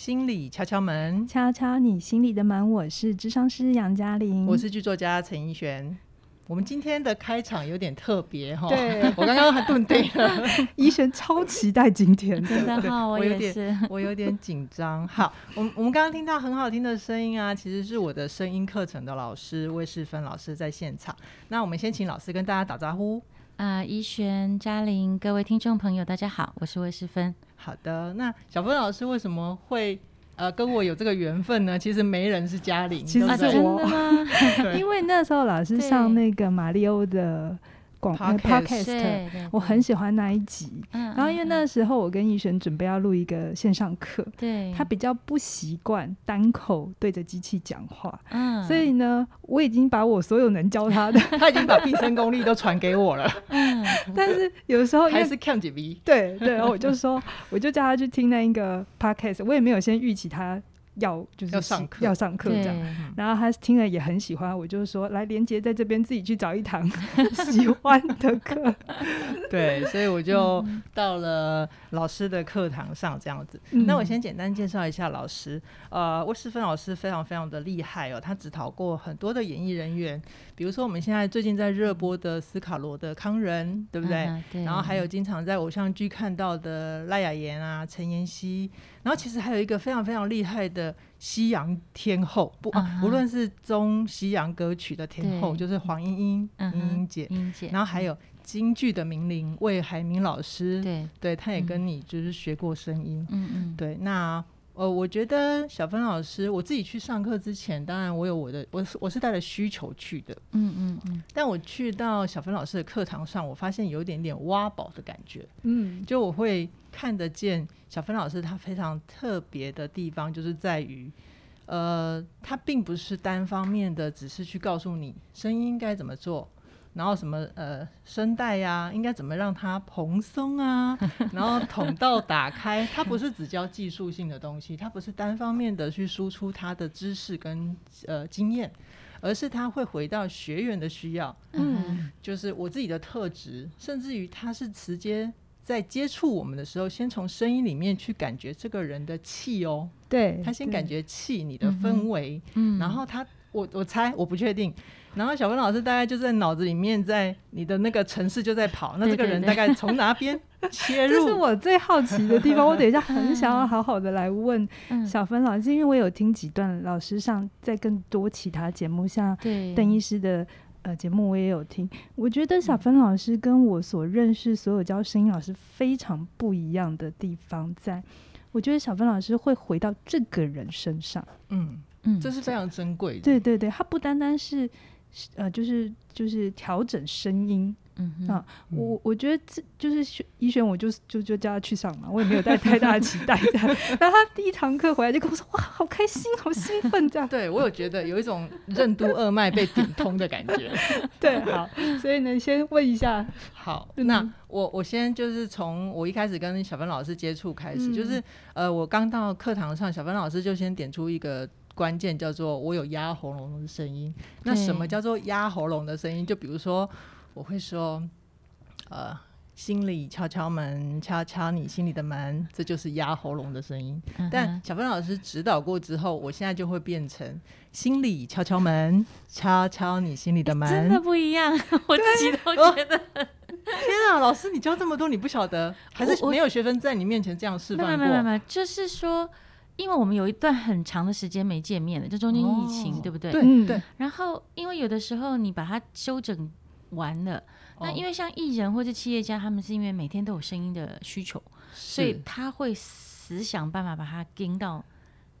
心理敲敲門，敲敲你心裡的門。我是諮商師楊嘉玲，我是劇作家陳怡璇。我們今天的開場有點特別哈，對、啊、 我剛剛還頓定了。怡 璇超期待今天 真的好， 我有點我也是 我有點緊張。好，我們我們剛剛聽到很好聽的聲音啊，其實是我的聲音課程的老師魏世芬老師在現場。那我們先請老師跟大家打招呼。啊、呃，怡璇、嘉玲，各位聽眾朋友，大家好，我是魏世芬。好的，那小芬老師為什麼會呃跟我有這個緣分呢？其實沒人是嘉玲，其實是我、啊，真的嗎？ 因為那時候老師上那個馬里歐的。廣播 podcast，,、哎、podcast 對對對我很喜歡那一集對對對。然後因為那時候我跟宜璇準備要錄一個線上課，對、嗯嗯嗯、他比較不習慣單口對着機器講話，嗯，所以呢，我已經把我所有能教他的、嗯， 他已經把畢生功力都傳給我了。嗯， 但是有時候因為還是看嘴 V 對對，然後我就說， 我就叫他去聽那一個 podcast，我也沒有先預期他。要就是要上課，要上課這樣。然後他聽了也很喜歡，我就是說，來，連杰在這邊自己去找一堂喜歡的課。 對，所以我就到了老師的課堂上這樣子。嗯、那我先簡單介紹一下老師。嗯、呃，魏世芬老師非常非常的厲害哦，他指導過很多的演藝人員，比如說我們現在最近在熱播的斯卡羅的慷仁，對不對？啊、對然後還有經常在偶像劇看到的賴雅妍啊、陳妍希。然後其實還有一個非常非常厲害的西洋天後，不、uh -huh. 啊，無論是中西洋歌曲的天後，uh -huh. 就是黃鶯鶯鶯姐，鶯、uh -huh. 姐，然後還有京劇的名伶魏海敏老師，uh -huh. 對，對他也跟你就是學過聲音，嗯、uh、嗯 -huh.，uh -huh. 對，那。呃，我覺得小芬老師，我自己去上課之前，當然我有我的，我是我是帶着需求去的，嗯嗯嗯。但我去到小芬老師的課堂上，我發現有一點點挖寶的感覺，嗯，就我會看得見小芬老師他非常特別的地方，就是在於，呃，他並不是單方面的，只是去告訴你聲音應該怎麼做。然後什麼？呃，聲帶呀，啊，應該怎麼讓它蓬鬆啊？然後通道打開， 他不是只教技術性的東西，他不是單方面的去輸出他的知識跟呃經驗，而是他會回到學員的需要。嗯，就是我自己的特質，甚至於他是直接在接觸我們的時候，先從聲音裡面去感覺這個人的氣哦。對，對，他先感覺氣你的氛圍，嗯，然後他我我猜，我不確定。然後小芬老師大概就在腦子裡面，在你的那個城市就在跑。對對對，那這個人大概從哪邊切入？ 這是我最好奇的地方。我等一下很想要好好的來問小芬老師，因為我有聽幾段老師上在更多其他節目，像鄧醫師的呃節目，我也有聽。我覺得小芬老師跟我所認識所有教聲音老師非常不一樣的地方在，在我覺得小芬老師會回到這個人身上。嗯嗯，這是非常珍貴的。對對對，他不單單是。呃，就是就是調整聲音，嗯、啊、我我覺得這就是一璇，我就就就叫他去上嘛，我也沒有帶太大的期待這樣。然 後他第一堂課回來就跟我說，哇，好開心，好興奮，這樣。 對我有覺得有一種任督二脈被頂通的感覺。 對，好，所以呢，先問一下。好，嗯、那我我先就是從我一開始跟小芬老師接觸開始，嗯、就是呃，我剛到課堂上，小芬老師就先點出一個。關鍵叫做我有壓喉嚨的聲音，那什麼叫做壓喉嚨的聲音？就比如說，我會說，呃，心理敲敲門，敲敲你心裡的門，這就是壓喉嚨的聲音，嗯。但小芬老師指導過之後，我現在就會變成心理敲敲門，敲敲你心裡的門，欸，真的不一樣。我自己都覺得，哦、 天啊，老師你教這麼多你不曉得，還是沒有學生在你面前這樣示範過？沒有沒有沒有，就是說。因為我們有一段很長的時間沒見面了，這中間疫情，哦、對不對？對，對，然後因為有的時候你把它修整完了，哦、那因為像藝人或者企業家，他們是因為每天都有聲音的需求，所以他會死想辦法把它盯到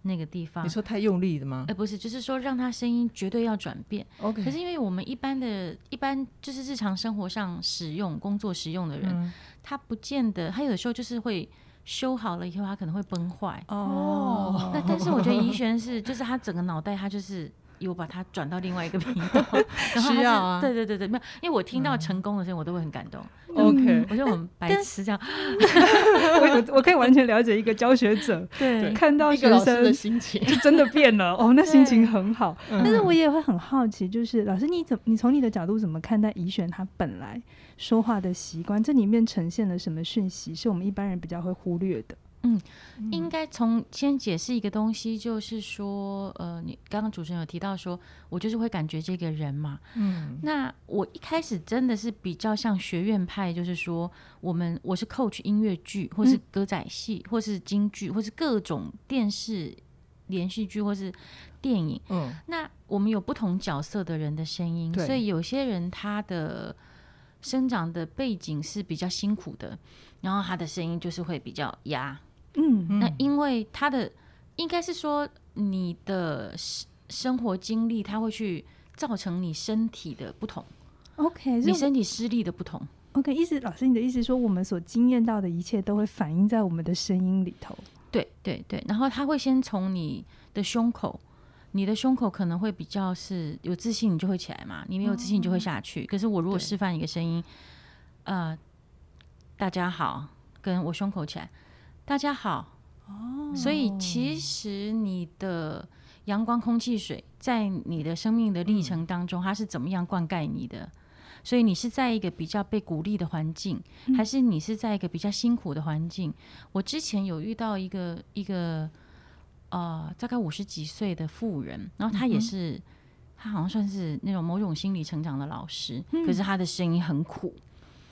那個地方。你說太用力的嗎？哎，不是，就是說讓他聲音絕對要轉變。OK，可是因為我們一般的一般就是日常生活上使用、工作使用的人、嗯，他不見得，他有的時候就是會。修好了以後，它可能會崩壞。哦，那但，但是我覺得宜玄是，就是他整個腦袋，他就是有把它轉到另外一個頻道 然後是。需要啊，對對對對，沒有，因為我聽到成功的時候，我都會很感動。OK，嗯嗯嗯，我覺得我很白痴這樣。 我我可以完全了解一個教學者， 對，看到學生的心情就真的變了。哦，那心情很好，嗯、但是我也會很好奇，就是老師，你怎麼，你從你的角度怎麼看待宜玄他本來？說話的習慣，這裡面呈現了什麼訊息？是我們一般人比較會忽略的。嗯，應該從先解釋一個東西，就是說，呃，你剛剛主持人有提到說，我就是會感覺這個人嘛，嗯，那我一開始真的是比較像學院派，就是說，我們我是 coach 音樂劇，或是歌仔戲，或是京劇，嗯，或是各種電視連續劇，或是電影，嗯，那我們有不同角色的人的聲音，所以有些人他的。生長的背景是比較辛苦的，然後他的聲音就是會比較壓，嗯，嗯，那因為他的應該是說你的生活經歷，他會去造成你身體的不同，OK，你身體實力的不同，OK，意思老師，你的意思說我們所經驗到的一切都會反映在我們的聲音裡頭，對對對，然後他會先從你的胸口。你的胸口可能會比較是有自信，你就會起來嘛；你沒有自信，你就會下去。Oh. 可是我如果示範一個聲音，呃，大家好，跟我胸口起來，大家好。Oh. 所以其實你的陽光空氣水在你的生命的歷程當中，嗯，它是怎麼樣灌溉你的？所以你是在一個比較被鼓勵的環境，嗯，還是你是在一個比較辛苦的環境？我之前有遇到一個一個。呃，大概五十幾歲的婦人，然後他也是，他、嗯、好像算是那種某種心理成長的老師，嗯、可是他的聲音很苦，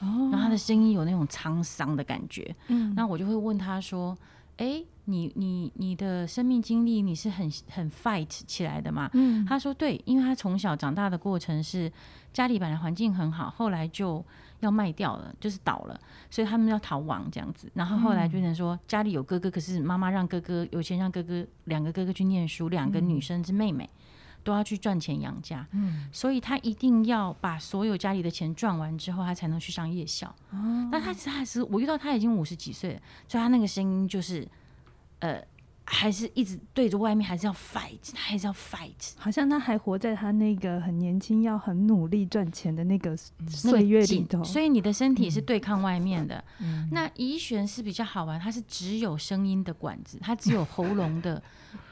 哦、然後他的聲音有那種滄桑的感覺，嗯，那我就會問他說：“哎、欸，你你你的生命經歷，你是很很 fight 起來的嗎？”他、嗯、說：“對，因為他從小長大的過程是家裡本來環境很好，後來就。”要賣掉了，就是倒了，所以他們要逃亡這樣子。然後後來變成說家裡有哥哥，可是媽媽讓哥哥有錢讓哥哥兩個哥哥去念書，兩個女生之妹妹都要去賺錢養家。嗯，所以他一定要把所有家裡的錢賺完之後，他才能去上夜校。那、哦、他其實還是我遇到他已經五十幾歲了，所以他那個聲音就是呃。還是一直對着外面，還是要 fight，還是要 fight，好像他還活在他那個很年輕、要很努力賺錢的那個歲月裡頭，嗯那個。所以你的身體是對抗外面的。嗯、那移旋是比較好玩，它是只有聲音的管子，它只有喉嚨的， 它只有喉嚨的。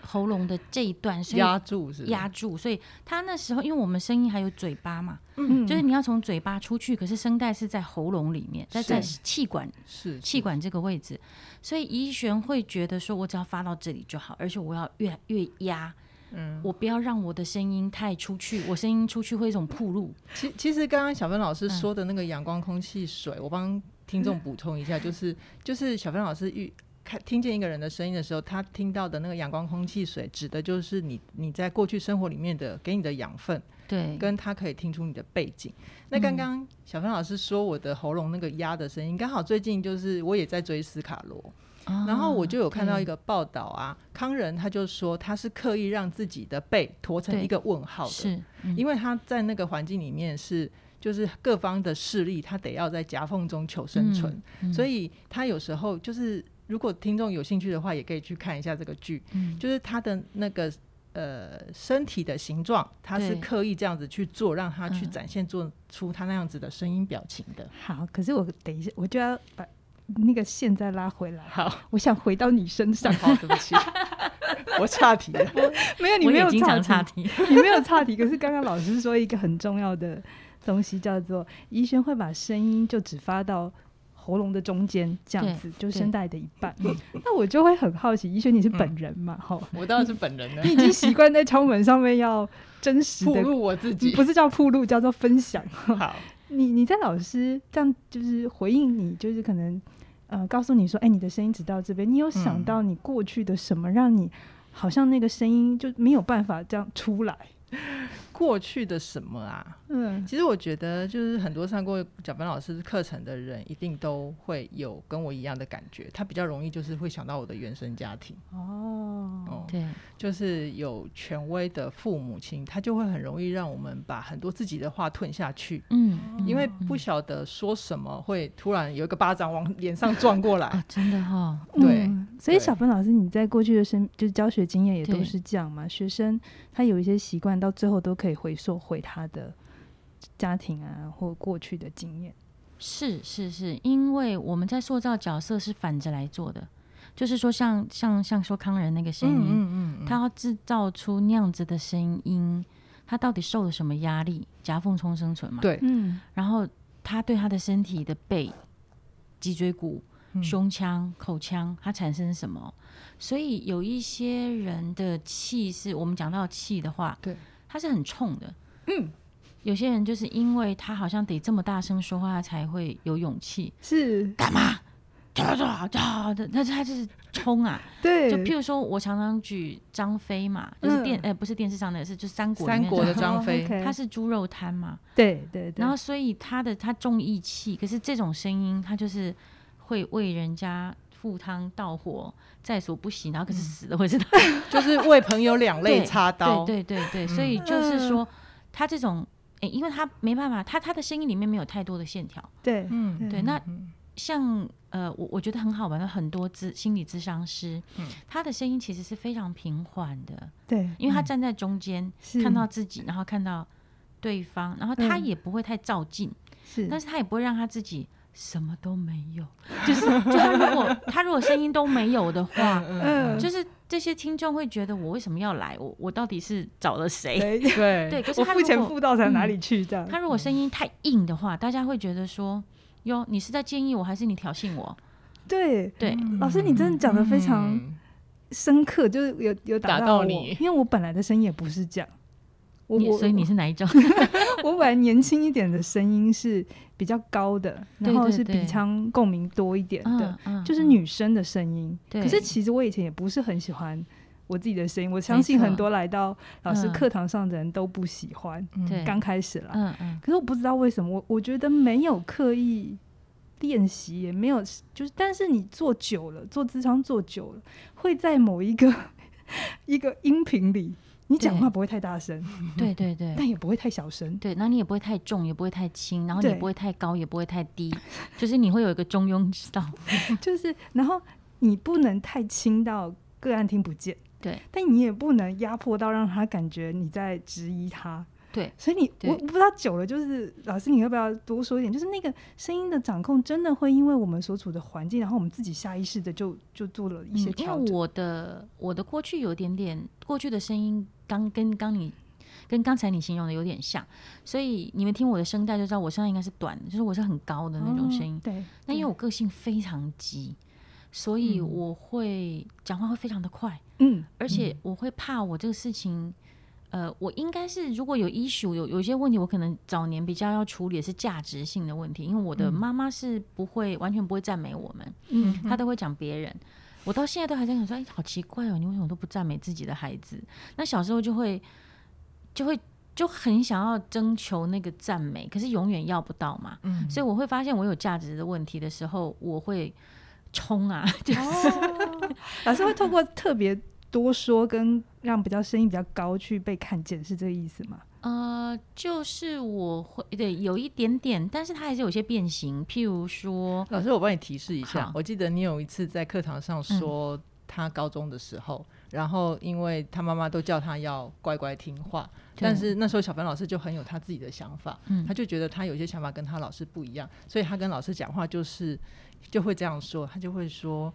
喉嚨的這一段，所以壓住是壓住，所以他那時候，因為我們聲音還有嘴巴嘛，嗯，就是你要從嘴巴出去，可是聲帶是在喉嚨裡面，在氣管是氣管這個位置，所以怡璇會覺得說，我只要發到這裡就好，而且我要越越壓，嗯，我不要讓我的聲音太出去，我聲音出去會一種鋪路、嗯。其其實剛剛小芬老師說的那個陽光空氣水，嗯、我幫聽眾補充一下，就是就是小芬老師聽聽見一個人的聲音的時候，他聽到的那個陽光空氣水，指的就是你你在過去生活裡面的給你的養分，對，跟他可以聽出你的背景。那剛剛小芬老師說我的喉嚨那個壓的聲音，剛、嗯、好最近就是我也在追斯卡羅、哦，然後我就有看到一個報道啊，慷仁他就說他是刻意讓自己的背駝成一個問號的，嗯、因為他在那個環境裡面是就是各方的勢力，他得要在夾縫中求生存、嗯嗯，所以他有時候就是。如果聽眾有興趣的話，也可以去看一下這個劇，嗯、就是他的那個呃身體的形狀，他是刻意這樣子去做，讓他去展現做出、嗯、出他那樣子的聲音表情的。好，可是我等一下我就要把那個線再拉回來。好，我想回到你身上。好，對不起， 我岔題了我。沒有，你沒有岔經常岔題， 你沒有岔題。可是剛剛老師說一個很重要的東西，叫做醫生會把聲音就只發到，喉嚨的中間，這樣子就聲帶的一半，嗯。那我就會很好奇，醫生你是本人嘛？哈、嗯，我當然是本人的。你已經習慣在敲門上面要真實的 暴露我自己，不是叫暴露，叫做分享。好，你你在老師這樣就是回應你，就是可能呃告訴你說，哎、欸，你的聲音只到這邊。你有想到你過去的什麼，嗯、讓你好像那個聲音就沒有辦法這樣出來？過去的什麼啊？嗯，其實我覺得，就是很多上過小芬老師課程的人，一定都會有跟我一樣的感覺。他比較容易就是會想到我的原生家庭哦，哦、嗯，對，就是有權威的父母親，他就會很容易讓我們把很多自己的話吞下去。嗯，因為不曉得說什麼，會突然有一個巴掌往臉上撞過來。哦、真的哈、哦嗯，對。嗯所以，小芬老師，你在過去的生就教學經驗也都是這樣嘛？學生他有一些習慣，到最後都可以回溯回他的家庭啊，或過去的經驗。是是是，因為我們在塑造角色是反着來做的，就是說像，像像像說康人那個聲音，嗯嗯嗯，他要制造出那樣子的聲音，他到底受了什麼壓力？夾縫中生存嘛，對，嗯，然後他對他的身體的背脊椎骨。胸腔、口腔，它產生什麼？所以有一些人的氣是，我們講到氣的話，對，它是很衝的。嗯，有些人就是因為他好像得這麼大聲說話，他才會有勇氣。是幹嘛？喳喳喳喳的，他就是衝啊。對，就譬如說，我常常舉張飛嘛，就是電、嗯、呃，不是電視上的，是就三國、就是、三國的張飛，他、okay、是豬肉攤嘛。對，對對對。然後，所以他的他重義氣，可是這種聲音，他就是。會為人家赴湯蹈火，在所不惜，然後可是死了、嗯，我知道，就是為朋友兩肋插刀， 對，對，對對對，所以就是說，嗯、他這種，哎、欸，因為他沒辦法，他他的聲音裡面沒有太多的線條，對，嗯，對，那像呃，我我覺得很好玩的很多諮，心理諮商師，嗯、他的聲音其實是非常平緩的，對，因為他站在中間、嗯，看到自己，然後看到對方，然後他也不會太照鏡、嗯，是，但是他也不會讓他自己。什麼都沒有，就是就是，如果他如果聲 音都沒有的話，就是這些聽眾會覺得我為什麼要來？我我到底是找了誰？對對，對，可是他付錢付到在哪裡去這樣、嗯？他如果聲音太硬的話，大家會覺得說喲，你是在建議我還是你挑釁我？對對、嗯，老師你真的講得非常深刻，嗯、就是有有打到，到你，因為我本來的聲音也不是這樣。我，所以你是哪一種？ 我本來年輕一點的聲音是比較高的，對對對，然後是鼻腔共鳴多一點的、嗯，就是女生的聲音。可是其實我以前也不是很喜歡我自己的聲音，我相信很多來到老師課堂上的人都不喜歡。剛、嗯嗯、開始啦，可是我不知道為什麼，我我覺得沒有刻意練習，也沒有就是，但是你做久了，做諮商做久了，會在某一個一個音頻裡。你講話不會太大聲，對，對對對，但也不會太小聲，對，那你也不會太重，也不會太輕，然後你也不會太高，也不會太低， 就是你會有一個中庸之道，就是，然後你不能太輕到個案聽不見，對，但你也不能壓迫到讓他感覺你在質疑他，對，所以你我不知道久了就是老師，你要不要多說一點？就是那個聲音的掌控，真的會因為我們所處的環境，然後我們自己下意識的就就做了一些調整。嗯，因為我的我的過去有點點過去的聲音。剛剛你跟剛才你形容的有點像，所以你們聽我的聲帶就知道，我現在應該是短的，就是我是很高的那種聲音。哦、對，那因為我個性非常急，所以我會講話會非常的快。嗯，而且我會怕我這個事情，嗯、呃，我應該是如果有 issue，有有些問題，我可能早年比較要處理的是價值性的問題，因為我的媽媽是不會、嗯、完全不會讚美我們，嗯，她都會講別人。我到現在都還在想說，哎，好奇怪哦，你為什麼都不讚美自己的孩子？那小時候就會，就會就很想要徵求那個讚美，可是永遠要不到嘛、嗯。所以我會發現我有價值的問題的時候，我會衝啊，就是、哦、 老師會通過特別多說跟讓比較聲音比較高去被看見，是這個意思嗎？呃，就是我會，對，有一點點，但是他還是有些變形，譬如說，老師，我幫你提示一下，我記得你有一次在課堂上說他高中的時候，嗯、然後因為他媽媽都叫他要乖乖聽話，但是那時候小芬老師就很有他自己的想法、嗯，他就覺得他有些想法跟他老師不一樣，所以他跟老師講話就是就會這樣說，他就會說，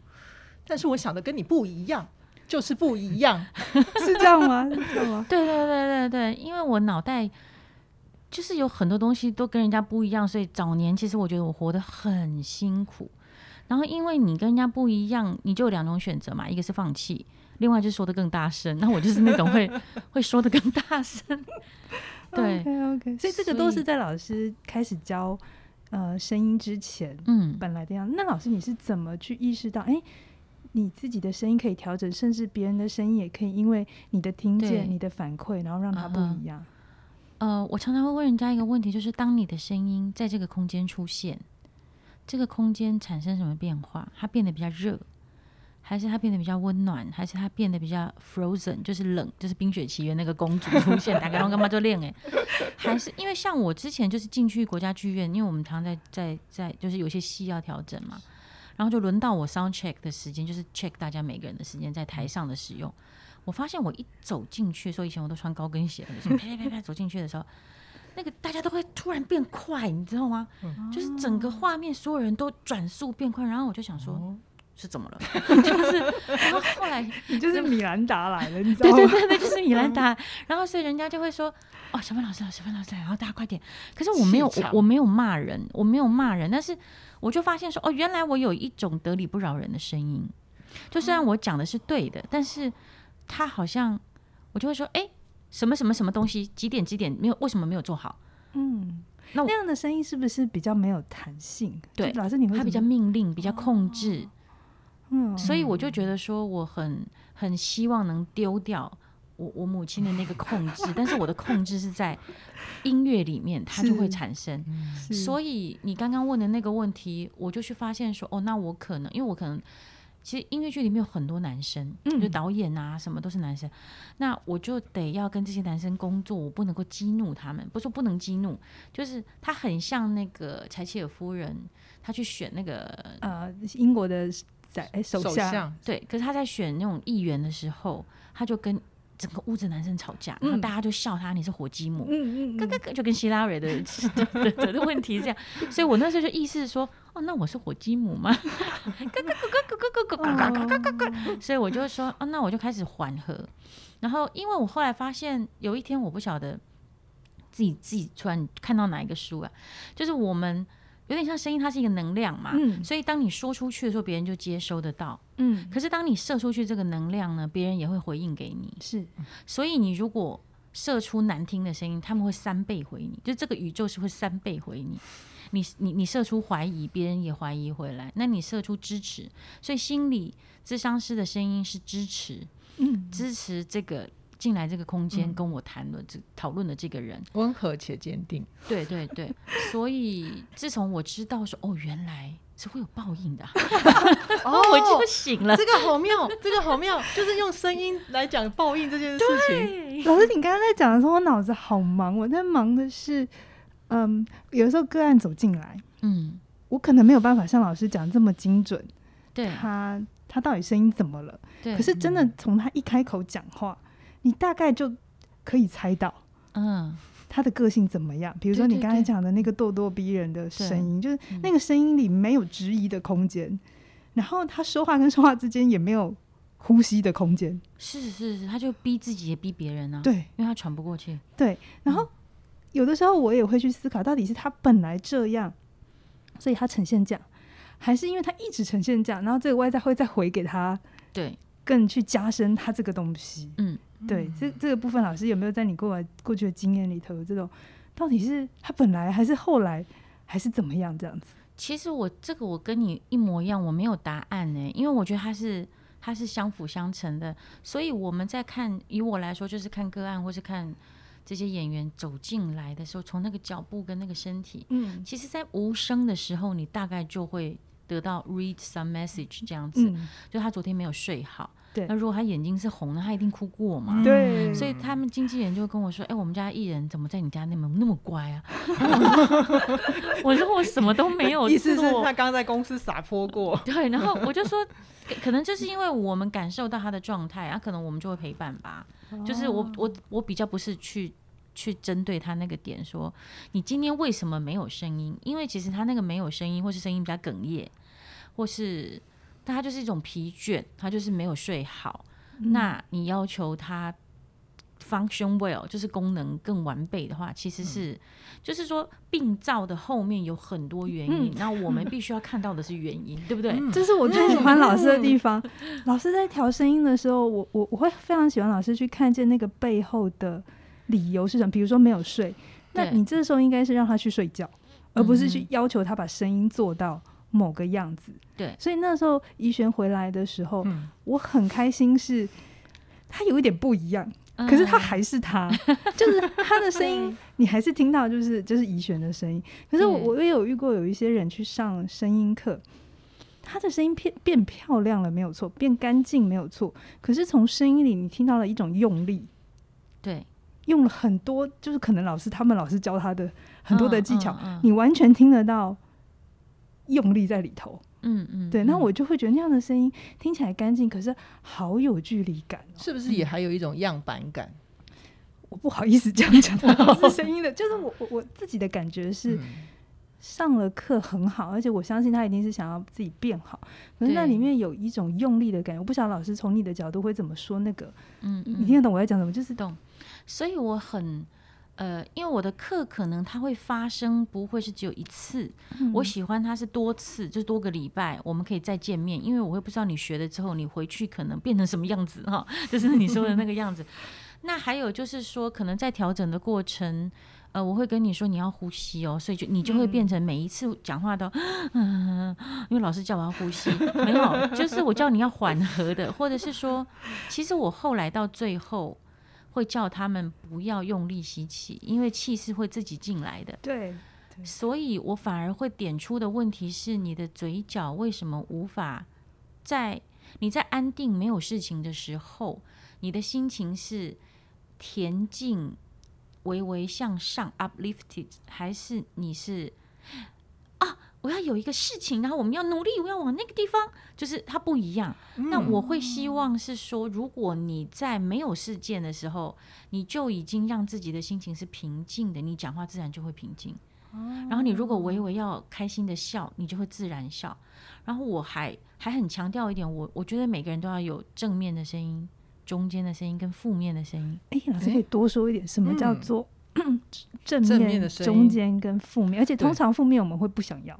但是我想的跟你不一樣。就是不一樣， 是這樣嗎？是這樣嗎？對對對對對，因為我腦袋就是有很多東西都跟人家不一樣，所以早年其實我覺得我活得很辛苦。然後因為你跟人家不一樣，你就有兩種選擇嘛，一個是放棄，另外就是說得更大聲。那我就是那種會 會說得更大聲。對，okay，OK，所以這個都是在老師開始教呃聲音之前，嗯，本來這樣。那老師你是怎麼去意識到？哎、欸。你自己的聲音可以調整，甚至別人的聲音也可以，因為你的聽見、你的反饋，然後讓它不一樣呃。呃，我常常會問人家一個問題，就是當你的聲音在這個空間出現，這個空間產生什麼變化？它變得比較熱，還是它變得比較溫暖，還是它變得比較 frozen，就是冷，就是《冰雪奇緣》那個公主出現，打開燈光干嘛就練、欸？哎，還是因為像我之前就是進去國家劇院，因為我們常常在在在，就是有些戲要調整嘛。然後就輪到我 sound check 的時間，就是 check 大家每個人的時間在台上的使用。我發現我一走進去，說以，以前我都穿高跟鞋，啪啪啪走進去的時候，那個大家都會突然變快，你知道嗎？嗯、就是整個畫面所有人都轉速變快。然後我就想說，哦、是怎麼了？ 就是，然後後來你就是米蘭達來了，你知道嗎？對對對，對，就是米蘭達、嗯。然後所以人家就會說，哦，小芬老師，小芬老師，然後大家快點。可是我沒有，我，我沒有罵人，我沒有罵人，但是。我就發現說，哦，原來我有一種得理不饒人的聲音，就雖然我講的是對的，嗯，但是他好像我就會說，誒、欸，什麼什麼什麼東西，幾點幾點沒有，為什麼沒有做好？嗯，那那樣的聲音是不是比較沒有彈性？對，老師你，你他比較命令，比較控制，哦、嗯，所以我就覺得說，我很很希望能丟掉。我我母親的那個控制， 但是我的控制是在音樂裡面， 它就會產生、嗯。所以你剛剛問的那個問題，我就去發現說，哦，那我可能，因為我可能其實音樂劇裡面有很多男生，就是、導演啊什麼都是男生、嗯，那我就得要跟這些男生工作，我不能夠激怒他們，不是說不能激怒，就是他很像那個柴契爾夫人，他去選那個呃英國的宰、哎、首相、首相，對，可是他在選那種議員的時候，他就跟。整個屋子，男生吵架，然後大家就笑他，嗯、你是火雞母，嗯嗯，咯咯咯，就跟希拉瑞的， 的問題這樣，所以我那時候就意思說，哦，那我是火雞母嗎？咯咯咯咯咯咯咯咯咯咯咯咯，所以我就說，哦，那我就開始緩和，然後因為我後來發現，有一天我不曉得自己自己突然看到哪一個書啊，就是我們。有點像聲音，它是一個能量嘛、嗯，所以當你說出去的時候，別人就接收得到、嗯，可是當你射出去這個能量呢，別人也會回應給你，是。所以你如果射出難聽的聲音，他們會三倍回你，就這個宇宙是會三倍回你。你你你射出懷疑，別人也懷疑回來。那你射出支持，所以心理諮商師的聲音是支持，嗯、支持這個。進來這個空間跟我談論、討論的這個人，溫和且堅定。對對對，所以自從我知道說，哦，原來是會有報應的、啊，我、 哦、我就醒了。這個好妙，這個好妙， 就是用聲音來講報應這件事情。老師，你剛剛在講的時候，我腦子好忙，我在忙的是，嗯，有的時候個案走進來，嗯，我可能沒有辦法像老師講這麼精準。對，他他到底聲音怎麼了？對，可是真的從他一開口講話。嗯你大概就可以猜到，嗯，他的個性怎麼樣？嗯、比如說你剛才講的那個咄咄逼人的聲音，對對對，就是那個聲音裡沒有質疑的空間，然後他說話跟說話之間也沒有呼吸的空間。是是是，他就逼自己也逼別人啊。對，因為他喘不過氣。對，然後有的時候我也會去思考，到底是他本來這樣，所以他呈現這樣，還是因為他一直呈現這樣，然後這個外在會再回給他？對。更去加深他這個東西，嗯，對，這這個部分老師有沒有在你過來過去的經驗裡頭？這種到底是他本來還是後來還是怎麼樣這樣子？其實我這個我跟你一模一樣，我沒有答案呢、欸，因為我覺得他是他是相輔相成的，所以我們在看以我來說，就是看個案或是看這些演員走進來的時候，從那個腳步跟那個身體，嗯，其實在無聲的時候，你大概就會。得到 read some message 這樣子、嗯，就他昨天沒有睡好。對、嗯，那如果他眼睛是紅的，他一定哭過嘛。對。所以他們經紀人就會跟我說：“哎、欸，我們家藝人怎麼在你家那麼那麼乖啊？” 我說：“我什麼都沒有做。”意思是他剛在公司撒潑過。對。然後我就說：“可能就是因為我們感受到他的狀態，然、啊、可能我們就會陪伴吧。”就是我我我比較不是去去針對他那個點說：“你今天為什麼沒有聲音？”因為其實他那個沒有聲音，或是聲音比較哽咽。或是他，他就是一種疲倦，他就是沒有睡好。嗯、那你要求他 function well，就是功能更完備的話，其實是、嗯、就是說病灶的後面有很多原因。嗯、那我們必須要看到的是原因、嗯，對不對？這是我最喜歡老師的地方。嗯、老師在調聲音的時候，我我我會非常喜歡老師去看見那個背後的理由是什麼。比如說沒有睡，那你這時候應該是讓他去睡覺，而不是去要求他把聲音做到。嗯某個樣子，對，所以那時候怡璇回來的時候，嗯、我很開心是，是她有一點不一樣，可是她還是她、嗯，就是她的聲音， 你還是聽到就是就是怡璇的聲音。可是我我也有遇過有一些人去上聲音課，他的聲音變變漂亮了，沒有錯，變乾淨沒有錯，可是從聲音裡你聽到了一種用力，對，用了很多，就是可能老師他們老師教他的很多的技巧，嗯嗯嗯、你完全聽得到。用力在裡頭，嗯嗯，對，那我就會覺得那樣的聲音聽起來乾淨、嗯，可是好有距離感、哦，是不是也還有一種樣板感？嗯、我不好意思這樣講，老師 聲音的，就是我我我自己的感覺是上了課很好、嗯，而且我相信他一定是想要自己變好，可是那裡面有一種用力的感覺，我不曉得老師從你的角度會怎麼說那個，嗯，嗯你聽得懂我在講什麼，就是懂，所以我很。呃，因為我的課可能它會發生，不會是只有一次，嗯。我喜歡它是多次，就是多個禮拜，我們可以再見面。因為我會不知道你學了之後，你回去可能變成什麼樣子哈，哦，就是你說的那個樣子。 那還有就是說，可能在調整的過程，呃，我會跟你說你要呼吸哦，所以就你就會變成每一次講話都嗯，嗯，因為老師叫我要呼吸，很 好，就是我叫你要緩和的，或者是說，其實我後來到最後。會叫他們不要用力吸氣，因為氣是會自己進來的。對，對，對，所以我反而會點出的問題是：你的嘴角為什麼無法在，你在安定沒有事情的時候，你的心情是恬靜、微微向上 （uplifted）？還是你是？我要有一個事情，然後我們要努力，我要往那個地方，就是它不一樣、嗯。那我會希望是說，如果你在沒有事件的時候，你就已經讓自己的心情是平靜的，你講話自然就會平靜、嗯。然後你如果微，微要開心的笑，你就會自然笑。然後我還還很強調一點，我我覺得每個人都要有正面的聲音、中間的聲音跟負面的聲音。哎、欸，老師可以多說一點，什麼叫做、嗯、正、面正面的聲音、中間跟負面？而且通常負面我們會不想要。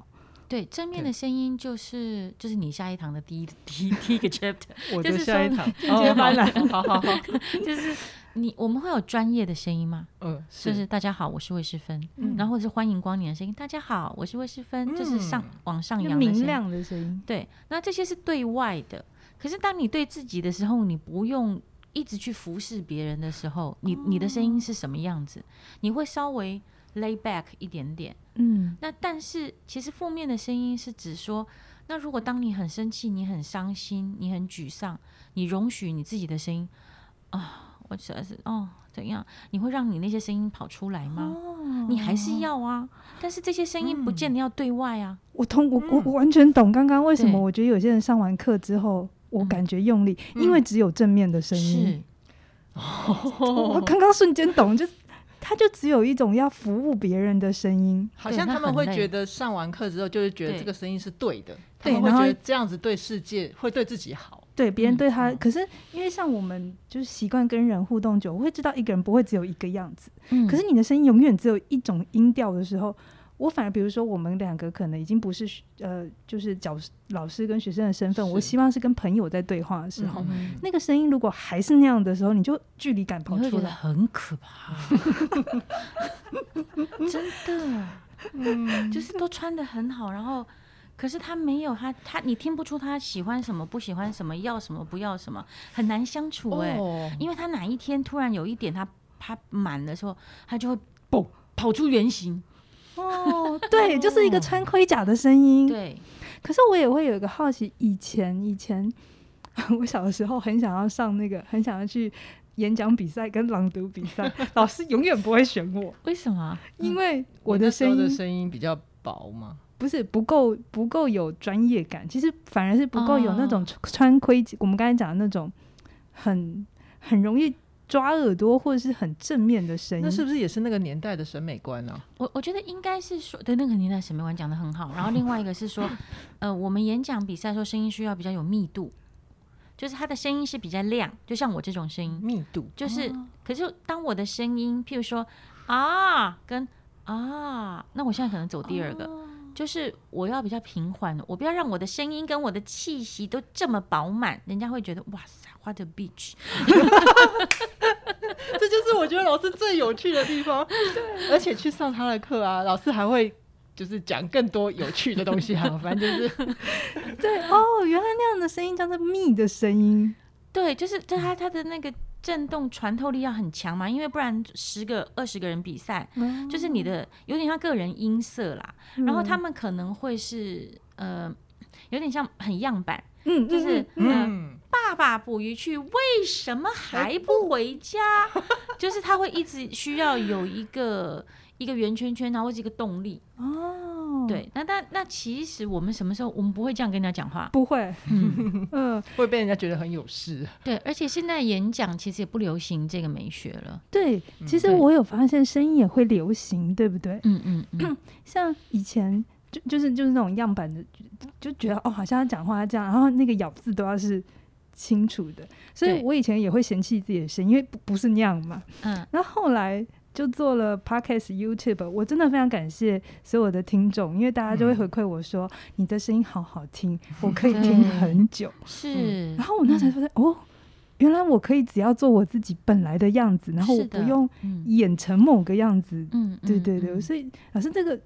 對，正面的聲音就是就是你下一堂的第一第一第一個 chapter， 我就是下一堂，直、就是 哦、好 好好，好，好，就是你我們會有專業的聲音嗎？嗯、呃，就是大家好，我是魏世芬，嗯，然後是歡迎光臨的聲音，大家好，我是魏世芬、嗯，就是上往上揚的明亮的聲音，對，那這些是對外的，可是當你對自己的時候，你不用一直去服侍別人的時候，你你的聲音是什麼樣子？嗯、你會稍微。lay back 一點點，嗯，那但是其實負面的聲音是指說，那如果當你很生氣、你很傷心、你很沮喪，你容許你自己的聲音啊、呃，我主要是哦怎樣？你會讓你那些聲音跑出來嗎、哦？你還是要啊？嗯、但是這些聲音不見得要對外啊。我通，我我完全懂剛剛為什麼、嗯、我覺得有些人上完課之後，我感覺用力、嗯，因為只有正面的聲音、嗯是哦。哦，我剛剛瞬間懂就。他就只有一種要服務別人的聲音，好像他們會覺得上完課之後就會覺得這個聲音是對的，對，他們會覺得這樣子對世界，對會對自己好，對別人對他、嗯。可是因為像我們就是習慣跟人互動久，我會知道一個人不會只有一個樣子。嗯、可是你的聲音永遠只有一種音調的時候，我反而比如說，我們兩個可能已經不是呃，就是教老師跟學生的身份。我希望是跟朋友在對話的時候，嗯嗯嗯那個聲音如果還是那樣的時候，你就距離感碰出來得很可怕。 真的、 嗯，就是都穿得很好，然後可是他沒有他他，你聽不出他喜歡什麼不喜歡什麼，要什麼不要什麼，很難相處哎、哦。因為他哪一天突然有一點他他滿的時候，他就會蹦跑出原形。哦哦，對，就是一個穿盔甲的聲音。對，可是我也會有一個好奇，以前以前我小的時候很想要上那個，很想要去演講比賽跟朗讀比賽， 老師永遠不會選我。為什麼？因為我的聲音、嗯、的聲音比較薄嘛，不是，不夠不夠有專業感。其實反而是不夠有那種穿盔甲，啊、我們剛才講的那種很很容易。抓耳朵或者是很正面的聲音，那是不是也是那個年代的審美觀呢？啊？我我覺得應該是說對那個年代審美觀講得很好。然後另外一個是說， 呃，我們演講比賽說聲音需要比較有密度，就是它的聲音是比較亮，就像我這種聲音密度。就是、啊、可是當我的聲音，譬如說啊跟啊，那我現在可能走第二個。啊就是我要比較平緩，我不要讓我的聲音跟我的氣息都這麼飽滿，人家會覺得哇塞，What a bitch 這就是我覺得老師最有趣的地方， 對 對 而且去上他的課啊，老師還會就是講更多有趣的東西啊，反正就是 對哦，原來那樣的聲音叫做密的聲音， 對，就是他他的那個。震動穿透力要很強嘛，因為不然十個二十個人比賽，嗯、就是你的有點像個人音色啦。嗯、然後他們可能會是呃，有點像很樣板，嗯嗯、就是、呃嗯、爸爸捕魚去，為什麼還不回家？就是他會一直需要有一個 一個圓圈圈，然後這一個動力哦。對，那那那其實我們什麼時候我們不會這樣跟人家講話？不會，嗯， 會被人家覺得很有事。對，而且現在演講其實也不流行這個美學了。對，其實我有發現聲音也會流行，對不對？嗯嗯，像以前就就是就是那種樣板的，就覺得哦，好像他講話這樣，然後那個咬字都要是清楚的。所以，我以前也會嫌棄自己的聲音，因為不不是那樣嘛。嗯，那後來。就做了 Podcast YouTube，我真的非常感謝所有的聽眾，因為大家就會回饋我說、嗯、你的聲音好好聽、嗯，我可以聽很久。嗯、是，然後我那才發現、嗯、哦，原來我可以只要做我自己本來的樣子，然後我不用演成某個樣子。嗯，對對對，所以老師這個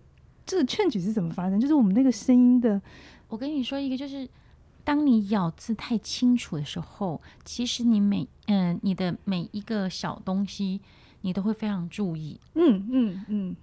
這個 change 是怎麼發生？就是我們那個聲音的，我跟你說一個，就是當你咬字太清楚的時候，其實你每嗯、呃、你的每一個小東西。你都會非常注意，嗯嗯嗯。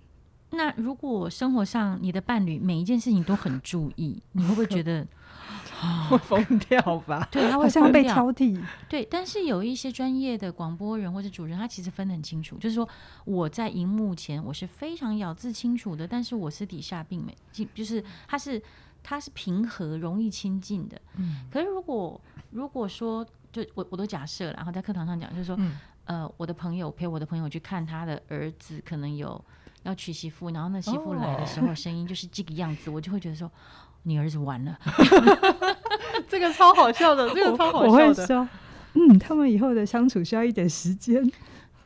那如果生活上你的伴侶每一件事情都很注意， 你會不會覺得、 啊、會瘋掉吧？對，他會好像會被挑剔。對，但是有一些專業的廣播人或者主持人，他其實分得很清楚，就是說我在熒幕前我是非常咬字清楚的，但是我私底下並沒，就是他是他是平和、容易親近的，嗯。可是如果如果說，就我我都假設了，然後在課堂上講，就是說。嗯呃，我的朋友陪我的朋友去看他的兒子，可能有要娶媳婦，然後那媳婦來的時候，聲音就是這個樣子，Oh. 我就會覺得說，你兒子完了， 這個超好笑的，這個超好笑的。嗯，他們以後的相處需要一點時間。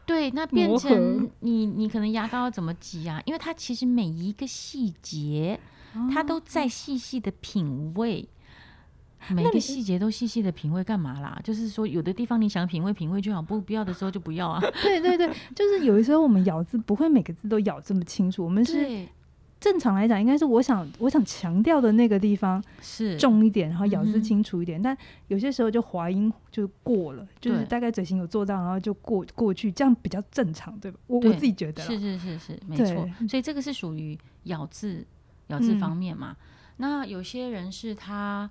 對，那變成你，你可能牙膏要怎麼擠呀、啊？因為他其實每一個細節，他都在細細的品味。每個細節都細細的品味幹嘛啦？就是說，有的地方你想品味品味就好，不必要的時候就不要啊。 對對對，就是有的時候我們咬字不會每個字都咬這麼清楚，我們是正常來講應該是我想我想強調的那個地方是重一點，然後咬字清楚一點。嗯、但有些時候就滑音就過了，就是大概嘴型有做到，然後就過過去，這樣比較正常，對吧？我我自己覺得是是是是沒錯，所以這個是屬於咬字咬字方面嘛、嗯。那有些人是他。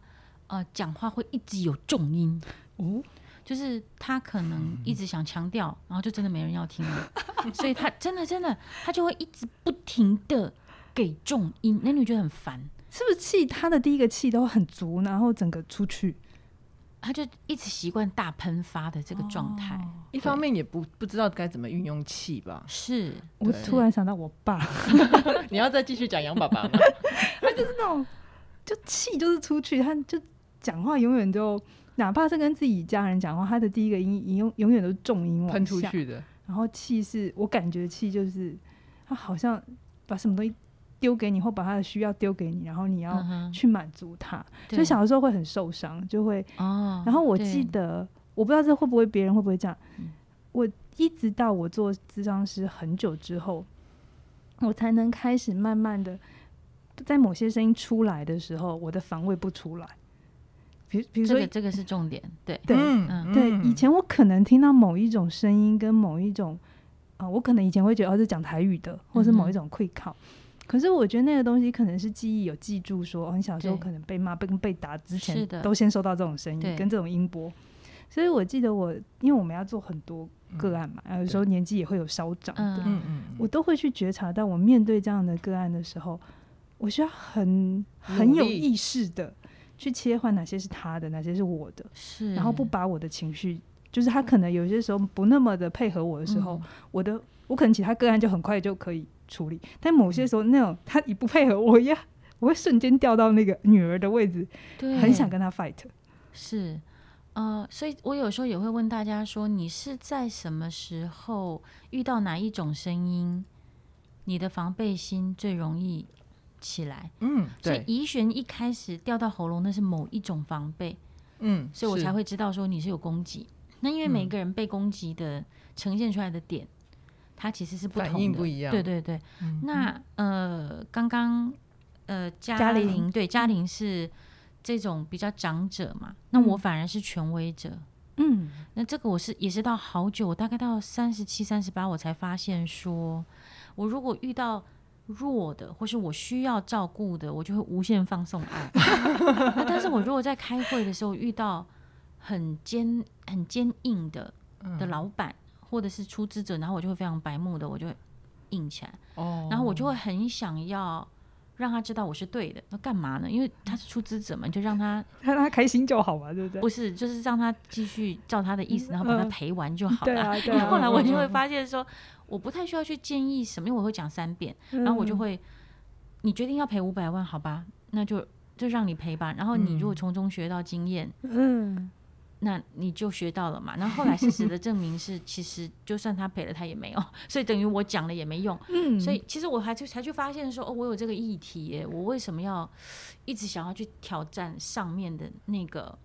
呃，講話會一直有重音哦，就是他可能一直想強調、嗯，然後就真的沒人要聽了， 所以他真的真的他就會一直不停的給重音，那你覺得很煩，是不是氣他的第一個氣都很足，然後整個出去，他就一直習慣大噴發的這個狀態、哦，一方面也不不知道該怎麼運用氣吧，是我突然想到我爸 你要再繼續講楊爸爸嗎？ 他就是那種就氣就是出去他就。講話永遠都，哪怕是跟自己家人講話，他的第一個音音永永遠都是重音噴出去的，然後氣是我感覺氣就是他好像把什麼東西丟給你，或把他的需要丟給你，然後你要去滿足他，嗯、所以小的時候會很受傷，就會，然後我記得，哦、我不知道這會不會別人會不會這樣。嗯、我一直到我做諮商師很久之後，我才能開始慢慢的，在某些聲音出來的時候，我的防衛不出來。比比如說，這個這個是重點，對對、嗯、對、嗯。以前我可能聽到某一種聲音跟某一種啊、呃，我可能以前會覺得、哦、是講台語的，或是某一種愧靠，嗯嗯。可是我覺得那個東西可能是記憶有記住說，說很小時候可能被罵被被打之前，都先收到這種聲音跟這種音波。所以我記得我因為我們要做很多個案嘛，嗯啊、有時候年紀也會有稍長的對，我都會去覺察到我面對這樣的個案的時候，我需要很很有意識的。去切換哪些是他的，哪些是我的，是。然後不把我的情緒，就是他可能有些時候不那麼的配合我的時候，嗯、我的我可能其他個案就很快就可以處理，但某些時候、嗯、那種他一不配合我，我呀我會瞬間掉到那個女兒的位置，對，很想跟他 fight。是，呃，所以我有時候也會問大家說，你是在什麼時候遇到哪一種聲音，你的防備心最容易起來，嗯，所以移弦一開始掉到喉嚨，那是某一種防備，嗯，所以我才會知道說你是有攻擊。是，那因為每個人被攻擊的、嗯、呈現出來的點，它其實是不同的，反應不一樣。對對對。嗯、那呃，剛剛呃，嘉玲嘉玲對，嘉玲是這種比較長者嘛、嗯，那我反而是權威者，嗯，那這個我是也是到好久，我大概到三十七、三十八，我才發現說，我如果遇到。弱的，或是我需要照顧的，我就會無限放鬆。愛、 啊。但是，我如果在開會的時候遇到很堅、很堅硬的的老板、嗯，或者是出資者，然後我就會非常白目的，我就會硬起來。哦、然後我就會很想要讓他知道我是對的。那幹嘛呢？因為他是出資者嘛，就讓他， 他讓他開心就好嘛，對不對？不是，就是讓他繼續照他的意思，嗯、然後把他陪完就好了。嗯嗯、對啊、對啊、 然後後來我就會發現說。我不太需要去建議什麼，因為我會講三遍，然後我就會，嗯、你決定要賠五百萬，好吧，那就就讓你賠吧。然後你如果從中學到經驗，嗯，那你就學到了嘛。然後後來事實的證明是， 其實就算他賠了，他也沒有，所以等於我講了也沒用。嗯，所以其實我還去才去發現說，哦，我有這個議題耶，我為什麼要一直想要去挑戰上面的那個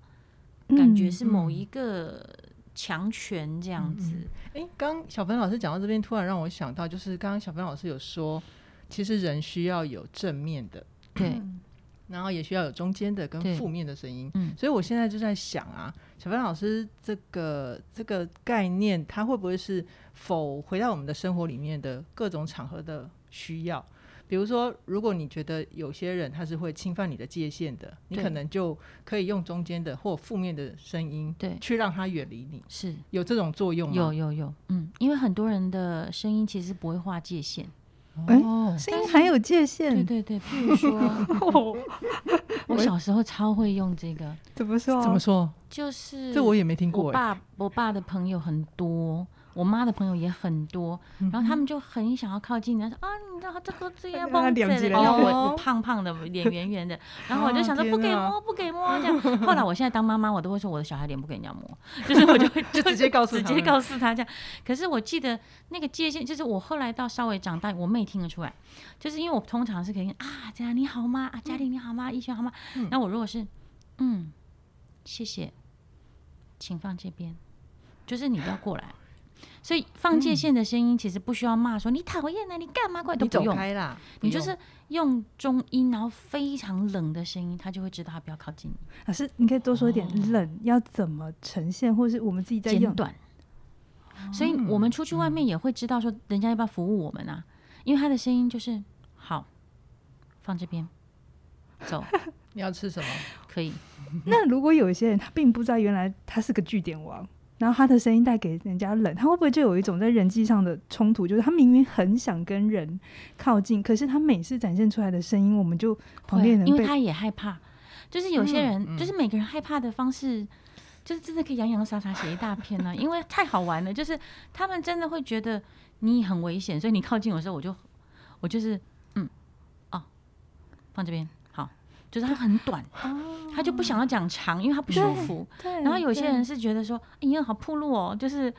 感覺是某一個、嗯。嗯強權這樣子，誒、嗯，剛、欸、小芬老師講到這邊，突然讓我想到，就是剛剛小芬老師有說，其實人需要有正面的，對， 然後也需要有中間的跟負面的聲音，所以我現在就在想啊，小芬老師這個這個概念，它會不會是否回到我們的生活裡面的各種場合的需要？比如說，如果你覺得有些人他是會侵犯你的界限的，你可能就可以用中間的或負面的聲音，對，去讓他遠離你，是有這種作用嗎？有有有，嗯，因為很多人的聲音其實不會畫界限、欸，哦，聲音還有界限，對對對。譬如說， 我小時候超會用這個，怎麼說？怎麼說？就是這我也沒聽過、欸。我爸，我爸的朋友很多。我媽的朋友也很多、嗯，然後他們就很想要靠近，然後說：“啊，你知道這脖子要繃，然後我、哦、胖胖的，臉圓圓的。”然後我就想說：“不給摸，不給摸。給摸”這樣。後來我現在當媽媽，我都會說：“我的小孩臉不給人家摸。 ”就是我就會就直接告訴直接告訴他 這樣。可是我記得那個界限，就是我後來到稍微長大，我妹聽得出來，就是因為我通常是可以啊，這樣，你好嗎？啊，家裡你好嗎？依、嗯、璇好嗎、嗯？那我如果是嗯，謝謝，請放這邊，就是你不要過來。 所以放界線的聲音其實不需要罵，說你討厭呢，你幹嘛過來都不用。你就是用中音，然後非常冷的聲音，他就會知道他不要靠近你。老師，你可以多說一點冷要怎麼呈現，或者是我們自己在用短。所以我們出去外面也會知道說人家要不要服務我們啊，因為他的聲音就是好，放這邊走。你要吃什麼？可以。那如果有一些人他並不知道原來他是個句點王。然後他的聲音帶給人家冷，他會不會就有一種在人際上的衝突？就是他明明很想跟人靠近，可是他每次展現出來的聲音，我們就旁邊人、啊，因為他也害怕。就是有些人，嗯、就是每個人害怕的方式，嗯、就是真的可以洋洋灑灑寫一大篇呢、啊。 因為太好玩了，就是他們真的會覺得你很危險，所以你靠近我的時候我，我就我就是嗯哦放這邊。就是他很短，哦、他就不想要講長，因為他不舒服對。對。然後有些人是覺得說：“哎呀，你好曝露哦，就是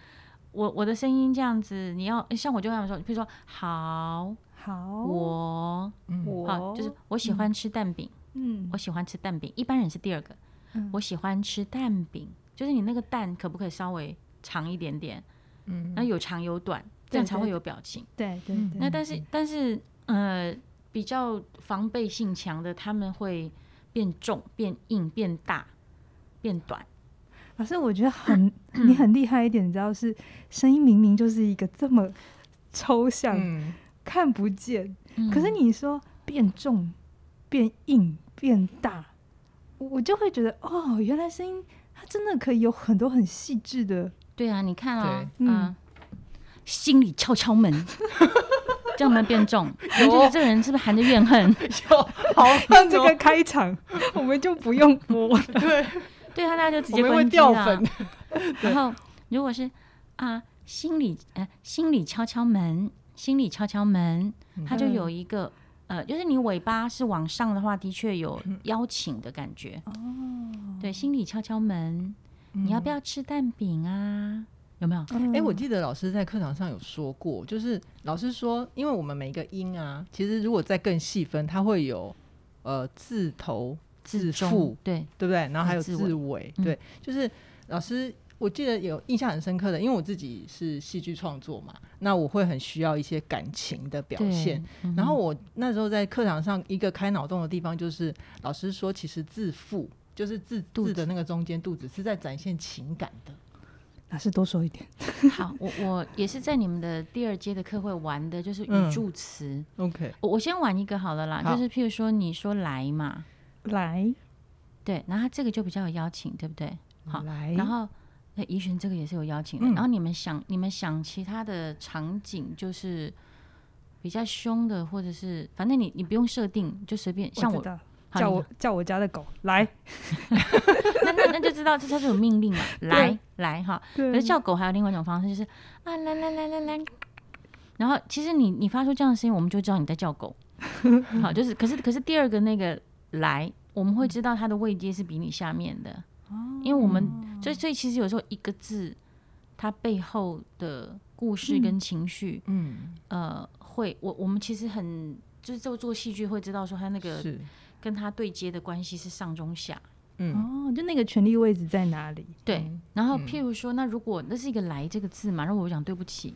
我我的聲音這樣子，你要像我就會這樣說，比如說，好，好，我，我，好，就是我喜歡吃蛋餅，嗯，我喜歡吃蛋餅。嗯、我喜歡吃蛋餅一般人是第二個、嗯，我喜歡吃蛋餅，就是你那個蛋可不可以稍微長一點點？嗯，那有長有短、嗯，這樣才會有表情。對對對。那、嗯嗯、但是但是呃。比較防備性強的，他們會變重、變硬、變大、變短。老師，我覺得很 你很厲害一點，你知道是聲音明明就是一個這麼抽象、嗯、看不見，可是你說變重、變硬、變大，嗯、我就會覺得哦，原來聲音它真的可以有很多很細緻的。對啊，你看啊、哦，嗯、呃，心理敲敲門。 要麼變重？我覺得這個人是不是含着怨恨？ 好，這個開場 我們就不用播。 對， 對他，大家就直接會掉粉。 然後，如果是啊，心理呃，心理敲敲門，心理敲敲門，他就有一個、嗯、呃，就是你尾巴是往上的話，的確有邀請的感覺哦、嗯。對，心理敲敲門，你要不要吃蛋餅啊？嗯有沒有？哎、嗯欸，我記得老師在課堂上有說過，就是老師說，因為我們每一個音啊，其實如果再更細分，它會有呃字頭、字腹，對，對不對？然後還有字尾、字尾、嗯，對，就是老師我記得有印象很深刻的，因為我自己是戲劇創作嘛，那我會很需要一些感情的表現。嗯、然後我那時候在課堂上一個開腦洞的地方、就是，就是老師說，其實字腹就是字字的那個中間肚子是在展現情感的。還是多說一點。 好，我我也是在你們的第二階的課會玩的，就是語助詞。嗯、OK，我我先玩一個好了啦好，就是譬如說你說來嘛，來，對，然後這個就比較有邀請，對不對？好，來，然後怡璇這個也是有邀請的。嗯、然後你們想你們想其他的場景，就是比較兇的，或者是反正你你不用設定，就隨便，像我。我叫我叫我家的狗來， 那那那就知道 這它是有命令嘛，來對來哈。可是叫狗還有另外一種方式，就是啊來來來來來，然後其實你你發出這樣的聲音，我們就知道你在叫狗。 好，就是可是可是第二個那個來，我們會知道它的位階是比你下面的，嗯，因為我們所以所以其實有時候一個字，它背後的故事跟情緒，嗯，嗯呃。會，我我們其實很就是做做戲劇會知道說他那個跟他對接的關係是上中下，嗯哦，就那個權力位置在哪裡？對。嗯、然後譬如說，嗯、那如果那是一個“來”這個字嘛，然後我講對不起，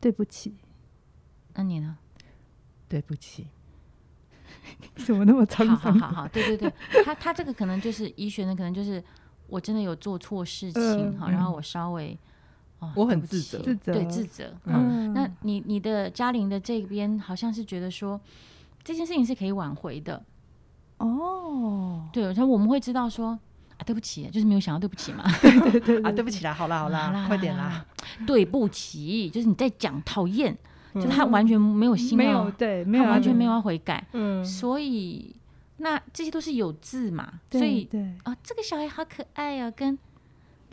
對不起。那你呢？對不起，怎麼那麼差？好好好，對對對，對， 他他這個可能就是醫學的，可能就是我真的有做錯事情哈、呃，然後我稍微。嗯我很自責，對，自責，對自責。嗯，啊、那你你的家庭的這邊好像是覺得說這件事情是可以挽回的。哦，對，所以我們會知道說啊，對不起，就是沒有想到對不起嘛。對對，對對對，啊，對不起啦，啦，好啦，好啦，快點啦。對不起，就是你在講討厭，就是、他完全沒有心、喔嗯，沒有對，他完全沒有要悔改。嗯，所以那這些都是有字嘛對對對，所以哦、啊，這個小孩好可愛呀、喔，跟。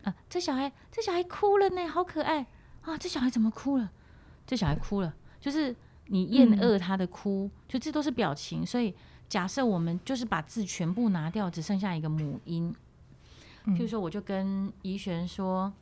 啊、這小孩，這小孩哭了呢，好可愛啊！這小孩怎麼哭了？這小孩哭了，就是你厭惡他的哭、嗯，就這都是表情。所以假設我們就是把字全部拿掉，只剩下一個母音。譬如說，我就跟怡璇說：“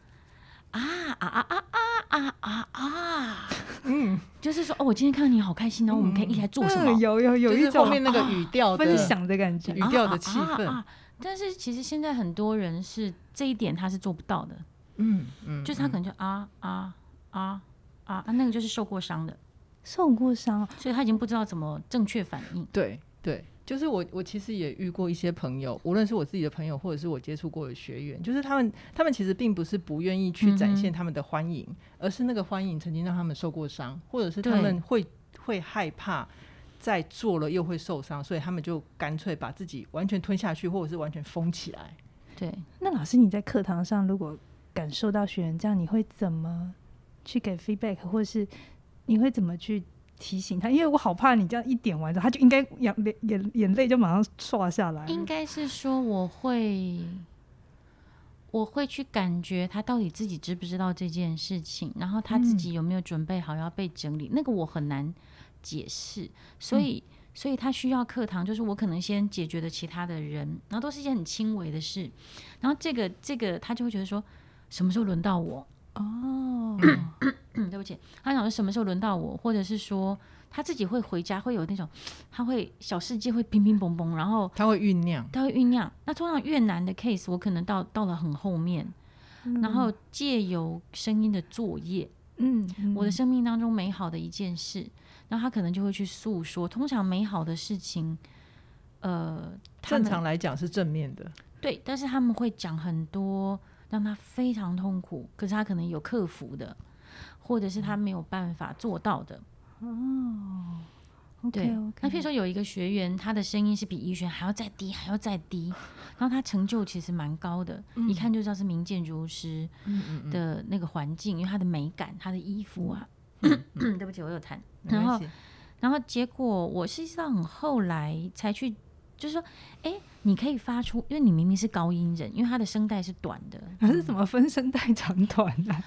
嗯、啊啊啊啊啊啊啊！”嗯，就是說，哦，我今天看到你好開心哦，嗯、我們可以一起來做什麼、嗯呃？有有有，就是後面那個語調、啊、分享的感覺，啊啊、語調的氣氛。啊啊啊啊但是其實現在很多人是這一點他是做不到的，嗯嗯，就是他可能就啊、嗯、啊啊啊，那個就是受過傷的，受過傷，所以他已經不知道怎麼正確反應。對對，就是我我其實也遇過一些朋友，無論是我自己的朋友，或者是我接觸過的學員，就是他們他們其實並不是不願意去展現他們的歡迎、嗯，而是那個歡迎曾經讓他們受過傷，或者是他們會會害怕。再做了又會受傷，所以他們就乾脆把自己完全吞下去，或者是完全封起來。對，那老師你在課堂上如果感受到學員這樣，你會怎麼去給 feedback，或者是你會怎麼去提醒他？因為我好怕你這樣一點完之後，他就應該眼眼眼淚就馬上刷下來。應該是說我會我會去感覺他到底自己知不知道這件事情，然後他自己有沒有準備好要被整理。嗯，那個我很難。解釋，所以、嗯，所以他需要課堂，就是我可能先解決了其他的人，然後都是一件很輕微的事，然後這個，這個他就會覺得說，什麼時候輪到我？哦、oh, 嗯，對不起，他想說什麼時候輪到我，或者是說他自己會回家，會有那種他會小世界會乒乒乓乓，然後他會醞釀，他會醞釀。那通常越南的 case，我可能到到了很後面，嗯、然後借由聲音的作業，嗯，我的生命當中美好的一件事。然後他可能就會去訴說，通常美好的事情，呃，正常來講是正面的，對。但是他們會講很多讓他非常痛苦，可是他可能有克服的，或者是他沒有辦法做到的。哦、嗯，對。哦、okay, okay. 那譬如說有一個學員，他的聲音是比宜萱還要再低，還要再低。然後他成就其實蠻高的， 一看就知道是名建築師的那個環境、嗯，因為他的美感，他的衣服啊。嗯嗯嗯、 對不起，我有談。沒關係。然後，然後結果我實際上後來才去，就是說，哎、欸，你可以發出，因為你明明是高音人，因為他的聲帶是短的。它、嗯啊、是怎麼分聲帶長短呢、啊